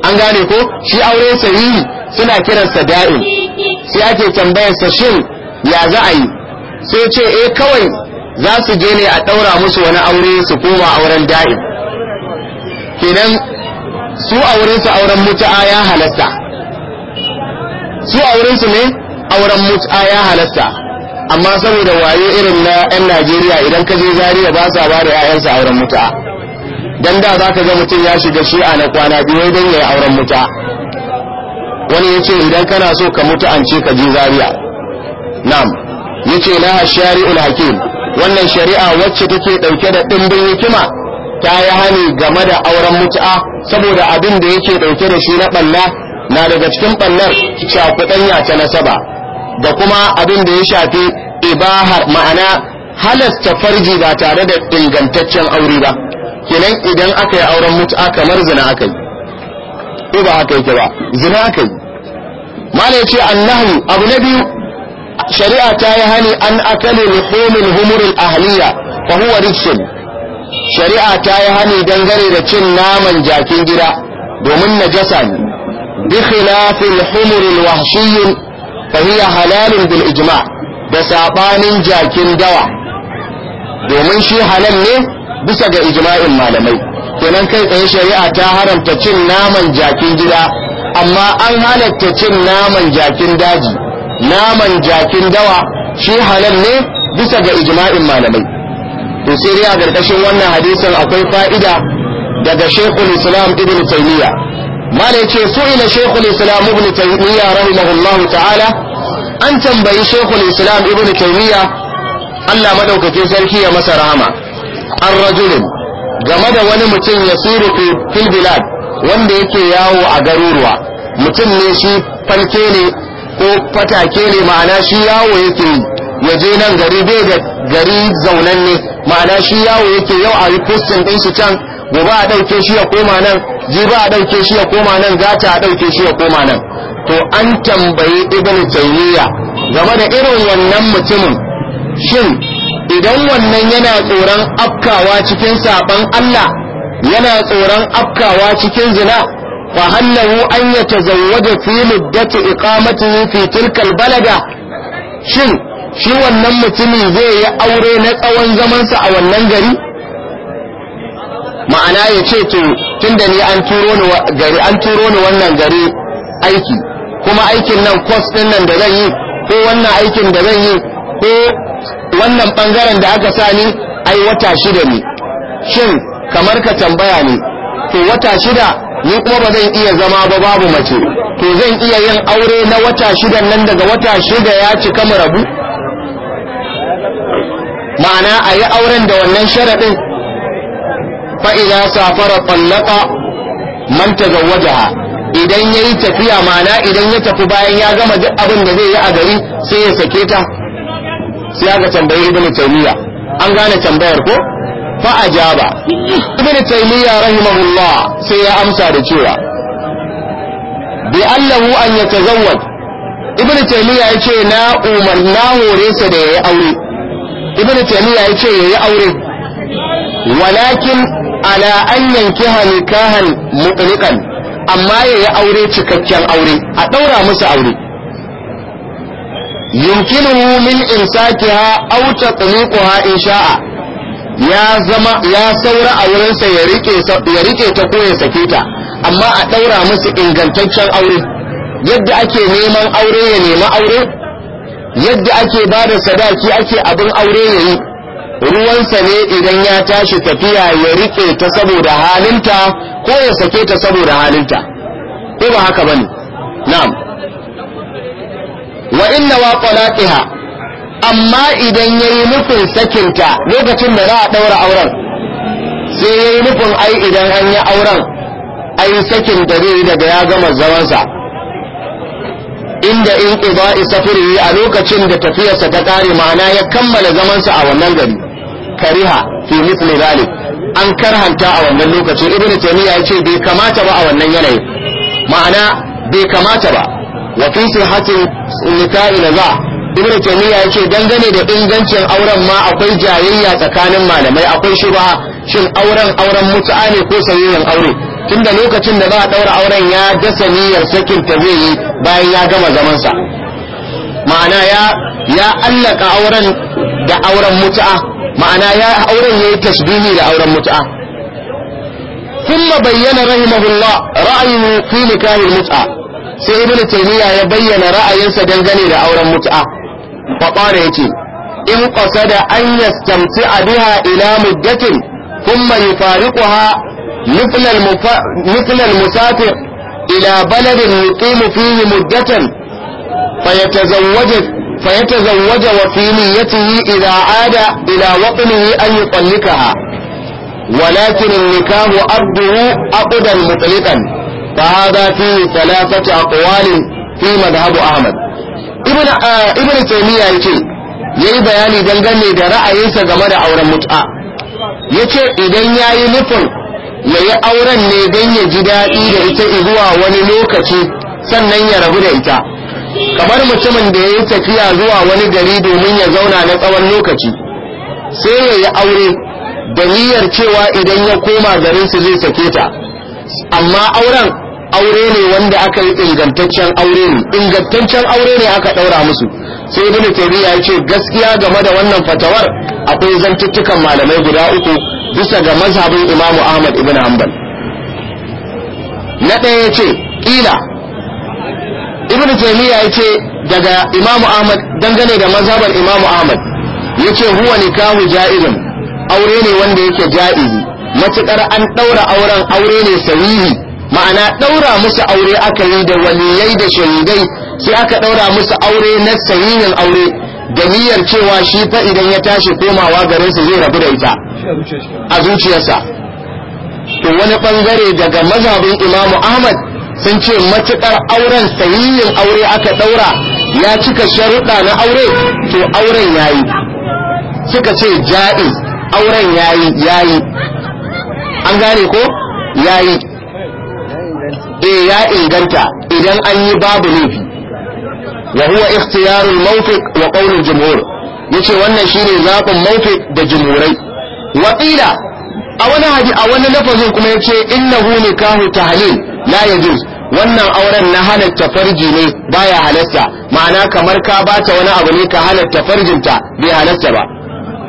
an gane ko shi aure sahihi suna kiransa da'im sai ake tambayarsa shin ya za a yi sai ce e kawai za su je ne a ɗaura musu wani aure su koma auren da'im kenan su aurensu auren mutu'a ya halasta su a wurinsu ne auren mutu'a ya halatta amma saboda waye irin na 'yan najeriya idan ka je zariya ba sa ba da 'ya'yansa auren mut'a dan da za ka ga mutum ya shiga a na kwana biyu don ya auren mut'a wani ya ce idan kana so ka mutu an ce ka je zariya Na'am, ya ce na shari'ul hakim wannan shari'a wacce take ɗauke da ɗimbin hikima ta yi hani game da auren mutu'a saboda abin da yake ɗauke da shi na ɓalla na daga cikin ɓallar cakuɗanya ta nasaba da kuma abin da ya shafi ibahar ma'ana halasta farji ba tare da ingantaccen aure ba kenan idan aka yi auren mutu'a kamar zina aka yi ko ba haka yi ba zina aka yi mala ya ce annahu abu na biyu shari'a ta yi hani an akali luhumin humurin ahliya fa huwa shari'a ta yi hani dangane da cin naman jakin gida domin najasa ne بخلاف الحمر الوحشي فهي حلال بالإجماع da sabanin jakin dawa domin shi halal ne bisa ga ijma'in malamai kenan kai tsaye shari'a ta haramta cin naman jakin gida amma an halatta cin naman jakin daji naman jakin dawa shi halal ne bisa ga ijma'in malamai to sai dai a garkashin wannan hadisin akwai fa'ida daga shekul islam ibn taymiya ce su ina shaykhul islam ibn taymiya rahimahullah ta'ala an tambayi shaykhul islam ibn taymiya Allah madaukake sarki ya masa rahama an rajulin game da wani mutum yasiru fil bilad wanda yake yawo a garuruwa mutum ne shi falke ne ko fatake ne ma'ana shi yawo yake yi ya je nan gari bai da gari zaunanne ma'ana shi yawo yake yau a yi postin ɗin su can gobe a ɗauke shi ya koma nan jibi a ɗauke shi ya koma nan gata a ɗauke shi ya koma nan to an tambayi ibn taymiya game da irin wannan mutumin shin idan wannan yana tsoron afkawa cikin saban Allah yana tsoron afkawa cikin zina fa hallahu an yatazawwaja fi muddati iqamatihi fi tilka balaga shin shi wannan mutumin zai yi aure na tsawon zamansa a wannan gari ma'ana ya ce to da ni an turo ni gari an turo ni wannan gari aiki kuma aikin nan course din nan da zan yi ko wannan aikin da zan yi ko wannan bangaren da aka sa ni ai wata shida ne shin kamar ka tambaya ne to wata shida ni kuma ba zan iya zama ba babu mace to zan iya yin aure na wata shida nan daga wata shida ya cika mu rabu ma'ana a yi auren da wannan sharaɗin fa'iza safara tallaka man tazawwajaha idan yayi tafiya mana idan ya tafi bayan ya gama duk abin da zai yi a gari sai ya sake ta sai ga tambayi ibnu taymiya an gane tambayar ko fa ajaba ibnu taymiya rahimahullah sai ya amsa da cewa bi allahu an yatazawwaj ibnu taymiya yace na umar na hore sa da yayi aure ibnu taymiya yace yayi aure walakin ala an yanki nikahan mutliqan amma yayi aure cikakken aure a ɗaura musu aure yumkinuhu min auta aw ha in sha'a ya zama ya saura a wurinsa ya rike ta ko ya sake ta amma a ɗaura musu ingantaccen aure yadda ake neman aure ya nemi aure yadda ake ba da sadaki ake abin aure ya yi. ruwansa ne idan ya tashi tafiya ya rike ta saboda halinta ko ya sake ta saboda halinta ko ba haka bane na'am wa inna wa qalatiha amma idan yayi nufin sakinta lokacin da za a daura auren sai yayi nufin ai idan an yi auren ai sakin da zai daga ya gama zamansa inda in qida'i safiri a lokacin da tafiyarsa ta ƙare ma'ana ya kammala zamansa a wannan gari kariha fi misli zalik an karhanta a wannan lokacin ibnu taymiya yace bai kamata ba a wannan yanayi ma'ana bai kamata ba wa fi sihhatin nikahi za ibnu taymiya yace dangane da ingancin auren ma akwai jayayya tsakanin malamai akwai ba shin auren auren mutu'a ne ko sayayyan aure tunda lokacin da za a daura auren ya dasa niyyar sakin ta zai yi bayan ya gama zamansa ma'ana ya ya allaka auren da auren mutu'a ma'ana ya auren yayi tasbihi da auren mut'a kuma bayyana rahimahullah ra'ayin fi nikahil mut'a sai ibn taymiya ya bayyana ra'ayinsa dangane da auren mut'a fa qala yace in qasada an yastamti'a biha ila muddatin kuma yufariquha مثل المف... مثل المسافر إلى بلد يقيم فيه مدة فيتزوج فيتزوج وفي نيته إذا عاد إلى وطنه أن يطلقها ولكن النكاح عبده عقدا مطلقا فهذا فيه ثلاثة أقوال في مذهب أحمد ابن ابن تيمية يقول yayi bayani dangane da ra'ayinsa game da auren mut'a yace idan yayi nufin yayi auren ne don ya ji daɗi da ita zuwa wani lokaci sannan ya rabu da ita kamar mutumin da ya yi tafiya zuwa wani gari domin ya zauna na tsawon lokaci sai ya yi aure da niyyar cewa idan ya koma garinsu zai sake ta amma auren aure ne wanda aka yi ingantaccen aure ne ingantaccen aure ne aka ɗaura musu sai ibn taymiya ya ce gaskiya game da wannan fatawar akwai zantuttukan malamai guda uku bisa ga mazhabin imamu ahmad ibn hanbal na ɗaya ya ce ƙila ibn taymiya yace daga imamu ahmad dangane da mazhabar imamu ahmad yace huwa nikahu ja'izun aure ne wanda yake ja'izi matukar an daura auren aure ne sahihi ma'ana daura musu aure aka yi da waliyai da shahidai sai aka daura musu aure na sahihin aure da niyyar cewa shi fa idan ya tashi komawa garin su zai rabu da ita a zuciyarsa to wani bangare daga mazhabin imamu ahmad sun ce matuƙar auren sayiyin aure aka ɗaura ya cika sharuɗa na aure to auren yayi suka ce ja'i auren yayi yayi an gane ko yayi eh ya inganta idan an yi babu laifi wa huwa ikhtiyarul mawfiq wa qawlul jumhur yace wannan shine zakun mawfiq da jumhurai wa qila a wani hadi a wani lafazin kuma ce innahu nikahu tahlil la yajuz wannan auren na halatta farji ne baya halatta ma'ana kamar ka bata wani abu ne ka halatta farjinta bai halatta ba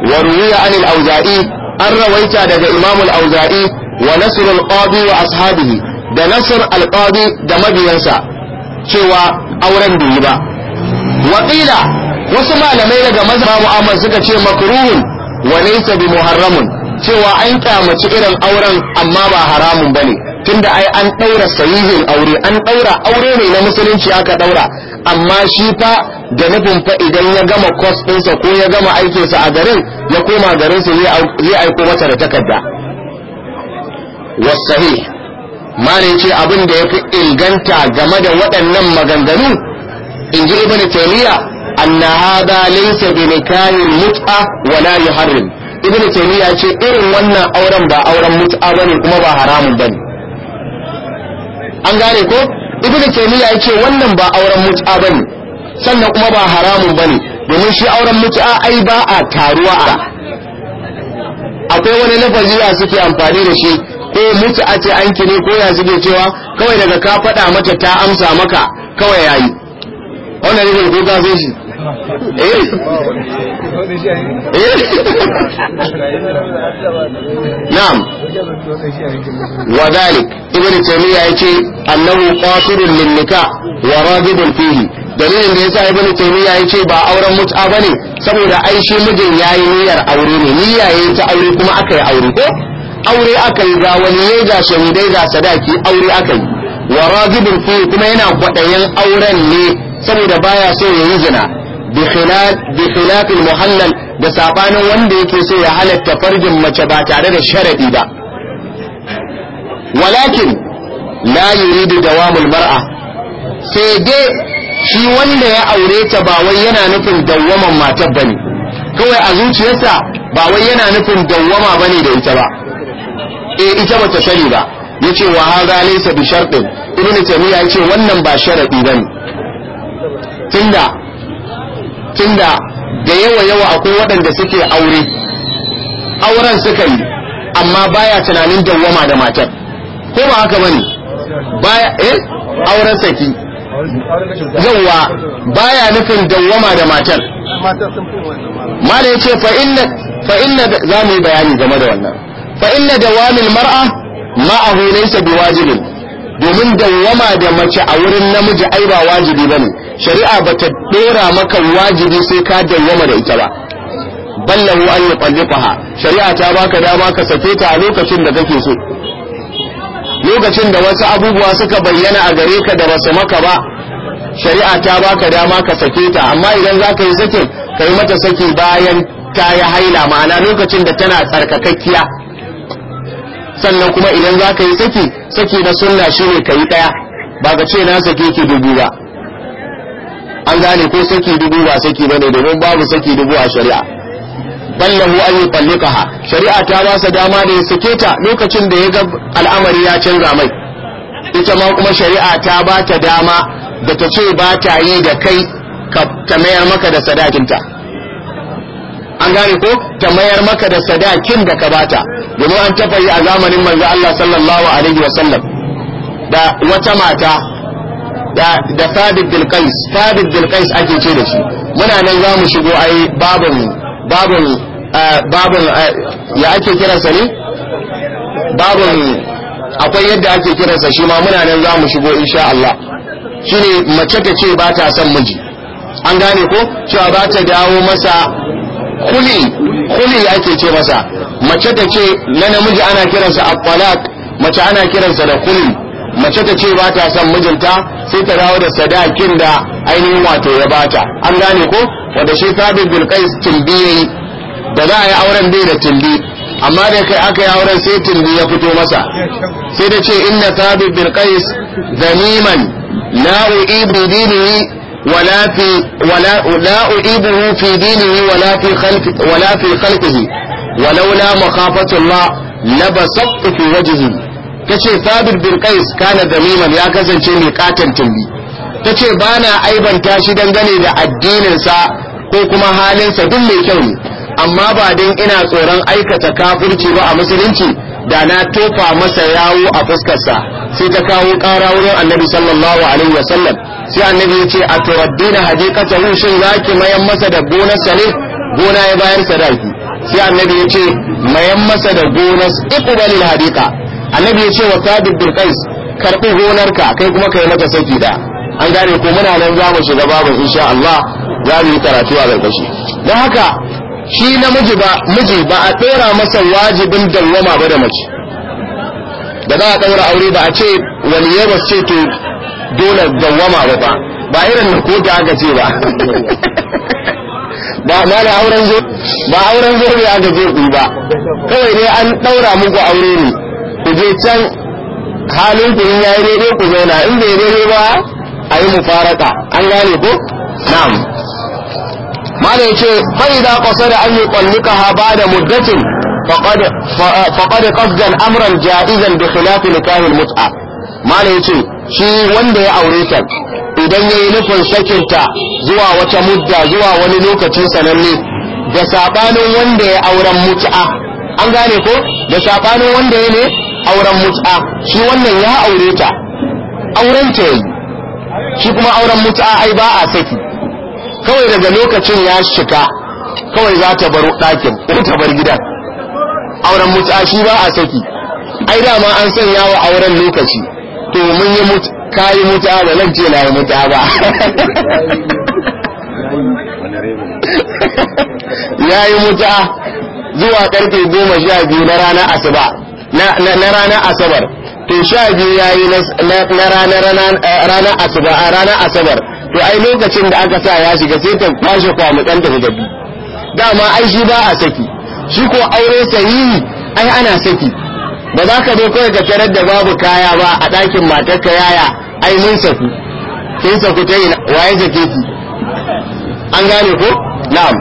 wa ruwiya anil auza'i an rawaita daga imamul auza'i wa nasr al-qadi wa ashabihi da nasr al-qadi da mabiyansa cewa auren bai yi ba waƙila wasu malamai daga mazhabu Ahmad suka ce makruhun wa laysa bi muharramun cewa an kyamaci irin auren amma ba haramun ba bane tunda ai an ɗaura sahihin aure an ɗaura aure ne na musulunci aka ɗaura. amma shi fa da nufin fa idan ya gama kwasfinsa ɗinsa ko ya gama aikinsa a garin ya koma garinsa zai aiko mata da takarda wasahi malin ce abin da ya fi inganta game da waɗannan maganganu in ji ibn taymiya anna laysa bi nikahin mut'a wala yuharrim ibnu taymiya ce irin wannan auren ba auren mut'a bane kuma ba haramun bane an gane ko ibnu taymiya yace wannan ba auren mut'a bane sannan kuma ba haramun bane domin shi auren mut'a ai ba a taruwa a akwai wani lafazi a suke amfani da shi ko mut'a ce an kine ko ya suke cewa kawai daga ka faɗa mata ta amsa maka kawai yayi wannan ne ko ka zo shi na'am wa dalik ibn taymiya yace annahu qatirun lin nikah wa ragibun fihi dalilin da yasa ibn taymiya ce ba auren mut'a bane saboda ai shi mijin yayi niyyar aure ne niyya yayi ta aure kuma aka yi aure ko aure aka yi ga wani ne ga ga sadaki aure aka yi wa ragibun fihi kuma yana kwaɗayin auren ne saboda baya so yayi zina بخلاف المحلل da sabanin wanda yake so ya halatta farjin mace ba tare da sharadi ba walakin la yuridu dawamul mar'a sai dai shi wanda ya aure ta ba wai yana nufin dawwaman matar bane kawai a zuciyarsa ba wai yana nufin dawwama bane da ita ba eh ita ta sani ba yace wa hadha laysa bi shartin ibnu taymiya yace wannan ba sharadi bane tunda tunda da yawa yawa akwai waɗanda suke aure auren suka yi amma baya tunanin dawwama da matar ko ba haka bane baya eh auren saki yawa baya nufin dawwama da matar mala yace fa inna fa inna za mu yi bayani game da wannan fa inna dawamil mar'a ma'ahu laysa biwajibin domin dawwama da mace a wurin namiji ai ba wajibi bane shari'a bata dora maka wajibi sai ka dawwama da ita ba ballahu an yuqallifaha shari'a ta baka dama ka sake ta a lokacin da kake so lokacin da wasu abubuwa suka bayyana a gare ka da basu maka ba shari'a ta baka dama ka sake ta amma idan zaka yi sakin yi mata saki bayan ta yi haila ma'ana lokacin da tana tsarkakakkiya sannan kuma idan za ka yi saki saki na sunna shi ne ka yi ɗaya ba ka ce na saki ki dubu ba an gane ko saki dubu ba saki ba ne domin babu saki dubu a shari'a ballahu an yi shari'a ta ba sa dama da ya sake ta lokacin da ya ga al'amari ya canza mai ita ma kuma shari'a ta ba ta dama da ta ce ba ta yi da kai ka mayar maka da sadakinta an gane ko ta mayar maka da sadakin da ka bata domin an taɓa yi a zamanin manzo Allah sallallahu alaihi wa sallam da wata mata da da Thabit bin Qais Thabit bin Qais ake ce da shi muna nan za mu shigo ai babun babun babun ya ake kiransa ne babun akwai yadda ake kiransa shi ma muna nan za mu shigo insha Allah shine mace ta ce ba ta son miji an gane ko cewa ba ta dawo masa khuli khuli ake ce masa mace ta ce na namiji ana kiransa afalak mace ana kiransa da khuli mace ta ce ba ta son mijinta sai ta dawo da sadakin da ainihin wato ya bata an gane ko wanda shi sabit bil qais tilbi da za a yi auren bai da tilbi amma da kai aka yi auren sai tilbi ya fito masa sai da ce inna sabin bil kai zaniman la uibu dini ولا في ولا لا أعيبه في دينه ولا في خلق ولا في خلقه ولولا مخافة الله لبسطت في وجهه تشي ثابت بن قيس كان ذميما يا كسن شيء مقاتل تلي تشي بانا أيضا تاشي دنغني da addininsa ko kuma halinsa duk mai kyau ne amma ba don ina tsoron aikata kafirci ba a musulunci da na tofa masa yawo a fuskarsa sai ta kawo ƙara wurin annabi sallallahu alaihi wasallam sai annabi ya ce a turaddina hadiqatahu shin zaki mayan masa da gonarsa ne gona ya bayar sadaki sai annabi ya ce mayan masa da gonar iqbalil hadika annabi ya ce wa sabid bin qais karbi gonarka kai kuma kai mata saki da an gane ko muna nan za mu shiga babu insha Allah za mu yi karatu a gargashi dan haka shi namiji ba miji ba a dora masa wajibin dawwama ba da mace da za a daura aure ba a ce wani yabas ce to dole dawwama ba fa ba irin da ko ta aka ce ba ba ba da auren zo ba auren zo ne aka ce ku ba kawai dai an daura muku aure ne ku je can halin ku in yayi dai ku zauna in bai dai ba a yi mufaraka an gane ko na'am malai yace fa idza qasada an ba da muddatin faqad faqad qasdan amran ja'izan bi khilaf nikah al-mut'a mala yace shi wanda ya aure ta idan ya yi nufin sakinta zuwa wata mudda zuwa wani lokacin sananne da sabanin wanda ya auren mut'a an gane ko da sabanin wanda ya ne auren mut'a shi wannan ya aure ta auren ta yi shi kuma auren mut'a ai ba a saki kawai daga lokacin ya shika kawai za ta bar ɗakin ko ta bar gidan auren mut'a shi ba a saki ai dama an sanya wa auren lokaci to mun yi mutu kayi mutu ba zan ce na yi mutu ba ya yi mutu zuwa karfe goma sha biyu na ranar asuba na asabar to sha biyu ya yi na ranar asuba a asabar to ai lokacin da aka sa ya shiga sai ta kwashe kwamukan ta gabi dama ai shi ba a saki shi ko aure sahihi ai ana saki ba za ka je kawai ka tarar da babu kaya ba a ɗakin matarka yaya ai mun saku kin saku ta ina waye sake ki an gane ko na'am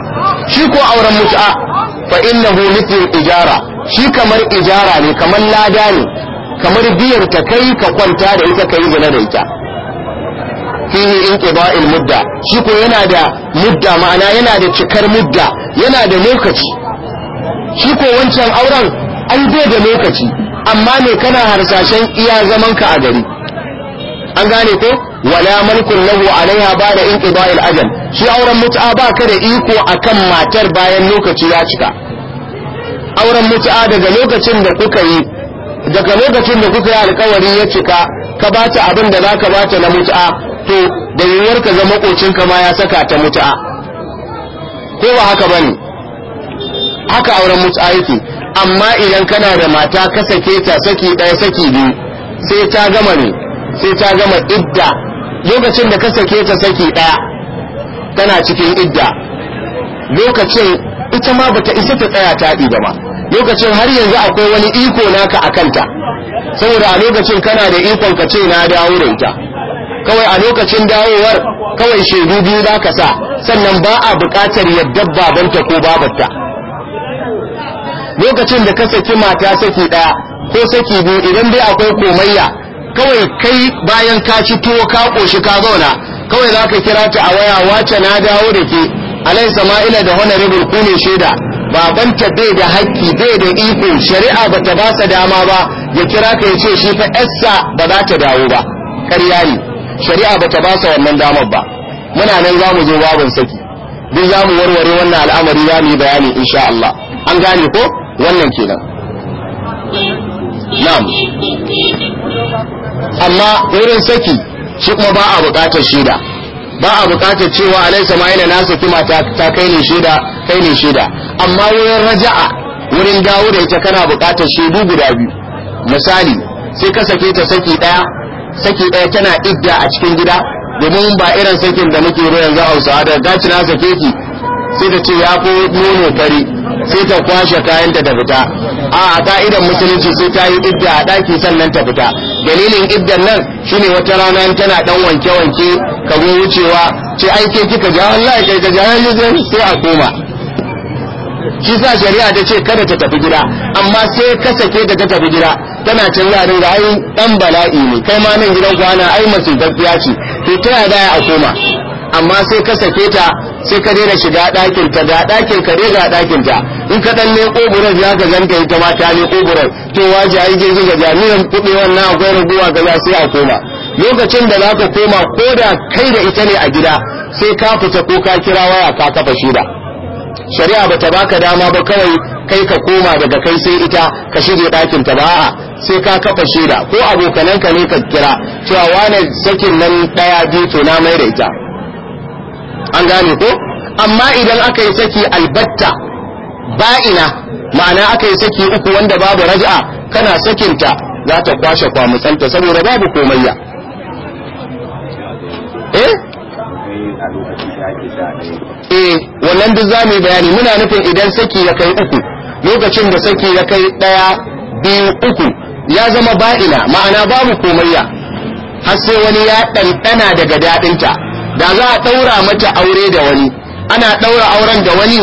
shi ko auren mut'a fa innahu mithl ijara shi kamar ijara ne kamar lada ne kamar biyar ta kai ka kwanta da ita kai zina da ita fihi inqida'il mudda shi ko yana da mudda ma'ana yana da cikar mudda yana da lokaci shi ko wancan auren an bai da lokaci amma ne kana harsashen iya zamanka a gari an gane ko wala mulkun lahu alaiha ba'da inqida'il ajal shi auren mut'a ba ka da iko akan matar bayan lokaci ya cika auren mut'a daga lokacin da kuka yi daga lokacin da kuka yi alkawari ya cika ka bata abin da zaka bata na mut'a to da yiwuwar ka ga ka ma ya saka ta mut'a ko ba haka bane haka auren mut'a yake amma idan kana da mata ka sake ta saki ɗaya saki biyu sai ta gama ne sai ta gama idda lokacin da ka sake ta saki ɗaya tana cikin idda lokacin ita ma bata isa ta tsaya ta ɗi ba lokacin har yanzu akwai wani iko naka a kanta saboda a lokacin kana da ikon ka ce na dawo da ita kawai a lokacin dawowar kawai shaidu biyu za ka sa sannan ba a buƙatar yadda babanta ko babarta lokacin da ka saki mata saki ɗaya ko saki biyu idan dai akwai komayya kawai kai bayan ka ci to ka koshi ka zauna kawai za ka kira ta a waya wace na dawo da ke alai sama'ila da honorable kune ne shaida babanta bai da haƙƙi bai da iko shari'a ba ta ba sa dama ba ya kira ka ya ce shi fa yarsa ba za ta dawo ba ƙarya ne shari'a ba ta ba sa wannan damar ba muna nan za mu zo babin saki duk za mu warware wannan al'amari za mu yi bayani insha Allah an gane ko wannan kenan na'am amma wurin saki shi kuma ba a buƙatar shaida ba a buƙatar cewa alaisa ma yana nasa kuma ta kai ne shaida kai ne shaida amma wurin raja'a wurin dawo da ita kana buƙatar shaidu guda biyu misali sai ka sake ta saki ɗaya saki ɗaya tana idda a cikin gida domin ba irin sakin da muke ruwan yanzu a hausawa da gaci na sake ki sai ta ce ya fi nono fari sai ta kwashe kayanta da fita a ka'idan musulunci sai ta yi idda a ɗaki sannan ta fita dalilin iddan nan shine wata rana tana dan wanke wanke ka go wucewa ce ai ke kika ja wallahi kai ka ja sai a koma shi sa shari'a ta ce kada ta tafi gida amma sai ka sake da ta tafi gida tana can za a dinga ai dan bala'i ne kai ma nan gidan kwana ai masu tafiya ce to ta yaya a koma amma sai ka sake ta sai ka daina shiga ɗakin ta ga ɗakin ka daina ga ɗakin ta in ka dan leƙo buran za ka zanta ita ma ta leƙo buran to waje ai je ga jami'an kuɗi wannan akwai raguwa za sai a koma lokacin da za ka koma ko da kai da ita ne a gida sai ka fita ko ka kira waya ka kafa shida shari'a bata baka dama ba kawai kai ka koma daga kai sai ita ka shige ɗakin ta ba a sai ka kafa shida ko abokananka ne ka kira cewa wane sakin nan ɗaya biyu to na mai da ita an gane ko amma idan aka yi saki albatta ba'ina ma'ana aka yi saki uku wanda babu raj'a kana sakinta za ta kwashe kwamutsanta saboda babu komayya eh eh wannan duk za mu bayani muna nufin idan saki ya kai uku lokacin da saki ya kai daya biyu uku ya zama ba'ina ma'ana babu komayya har sai wani ya ɗanɗana daga daɗinta da za a ɗaura mata aure da wani ana ɗaura auren da wani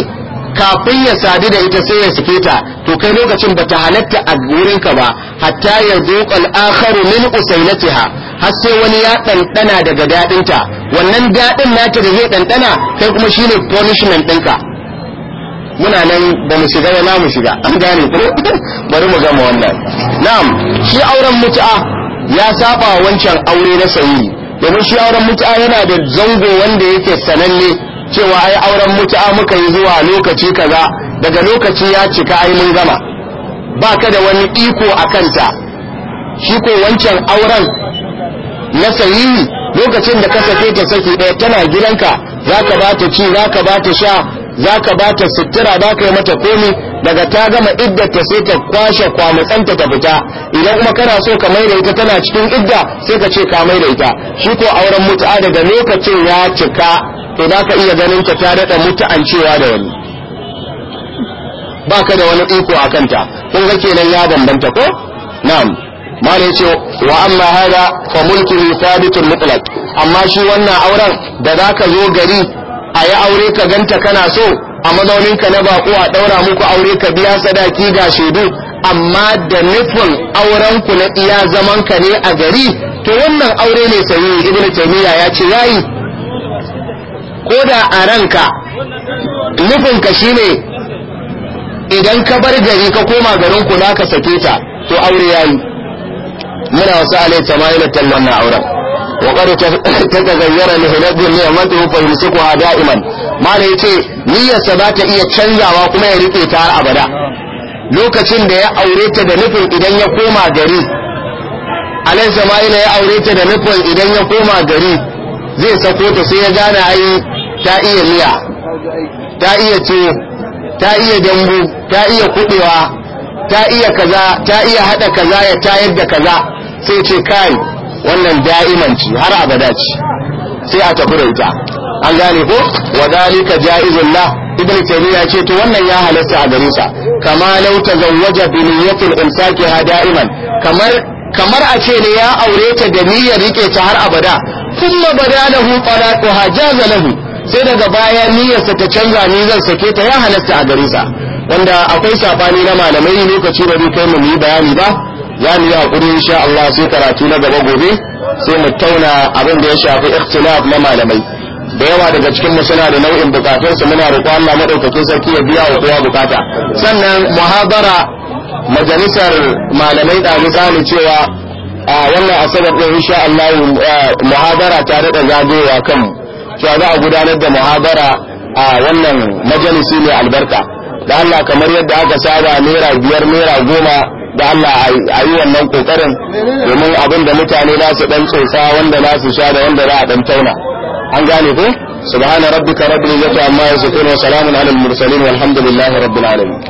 kafin ya sadu da ita sai ya sake ta to kai lokacin bata halatta a wurinka ba hatta ya zuƙa al'akharu min usailatiha har sai wani ya ɗanɗana daga daɗinta wannan daɗin nata da zai ɗanɗana kai kuma shine punishment ɗinka muna nan ba mu shiga ba mu shiga an gane ko bari mu gama wannan na'am shi auren mutu'a ya saba wancan aure na sayi domin shi auren mut'a yana da zango wanda yake sananne cewa ai auren mut'a muka yi zuwa lokaci kaza daga lokaci ya cika ai mun gama ba ka da wani iko a kanta shi ko wancan auren na sayi lokacin da ka sake ta saki ɗaya tana gidanka za ka ba ta ci za ka ba ta sha za ka ba ta sutura za ka yi mata komi daga ta gama ta sai ta kwashe kwanatsanta ta fita idan kuma kana so ka mai da ita tana cikin idda sai ka ce ka mai da ita shi ko auren mutu'a daga lokacin ya cika to za ka iya ganin ta ta daɗa mutu'ancewa da wani ba ka da wani iko a kanta kun ga kenan ya bambanta ko na'am mala ce wa amma hada fa mulkuhu thabitun mutlaq amma shi wannan auren da za ka zo gari a yi aure ka ganta kana so a mazauninka na bako a ɗaura muku aure ka biya sadaki ga shaidu amma da nufin aurenku na iya zamanka ne a gari to wannan aure ne sayi ibn taymiya ya ce yayi ko da a ranka nufinka shine idan ka bar gari ka koma garin ku ka sake ta to aure yayi muna wasu alai na tallan na auren وقد تتغير لهنبه نعمته فيمسكها دائما ما لا yace niyyarsa za ta iya canzawa kuma ya rike ta har abada lokacin da ya aure ta da nufin idan ya koma gari alai sama'ila ya aure ta da nufin idan ya koma gari zai sako ta sai ya gane ai ta iya miya ta iya tuwo ta iya dambu ta iya kudewa ta iya kaza kaza ya tayar da kaza sai ce kai wannan da'iman ci har abada ce sai a tafi da ita an gane ko wa zalika jaizun la ibn ya ce to wannan ya halasta a gare sa kama law tazawwaja bi niyyatil imsaki ha da'iman kamar kamar a ce ne ya aure ta da niyyar rike ta har abada kuma bada lahu talaquha jaza lahu sai daga baya niyyarsa ta canza ni zan sake ta ya halasta a gare sa wanda akwai safani na malamai lokaci da zai kai mu yi bayani ba za mu yi hakuri insha Allah sai karatu na gaba gobe sai mu tauna abin da ya shafi ikhtilaf na malamai da yawa daga cikin mu suna da nau'in bukatun su muna roƙo Allah madaukakin sarki ya biya wa kowa bukata sannan muhabara majalisar malamai da mu cewa a wannan asabar din insha Allah muhabara ta da zagowa kanmu cewa za a gudanar da muhabara a wannan majalisi mai albarka da Allah kamar yadda aka saba naira biyar naira goma da Allah a yi wannan kokarin domin abin da mutane za su dan tsosa wanda na su sha da wanda za a dan tauna an gane ko subhana rabbika rabbil izzati amma yasifun wa salamun alal mursalin walhamdulillahi rabbil alamin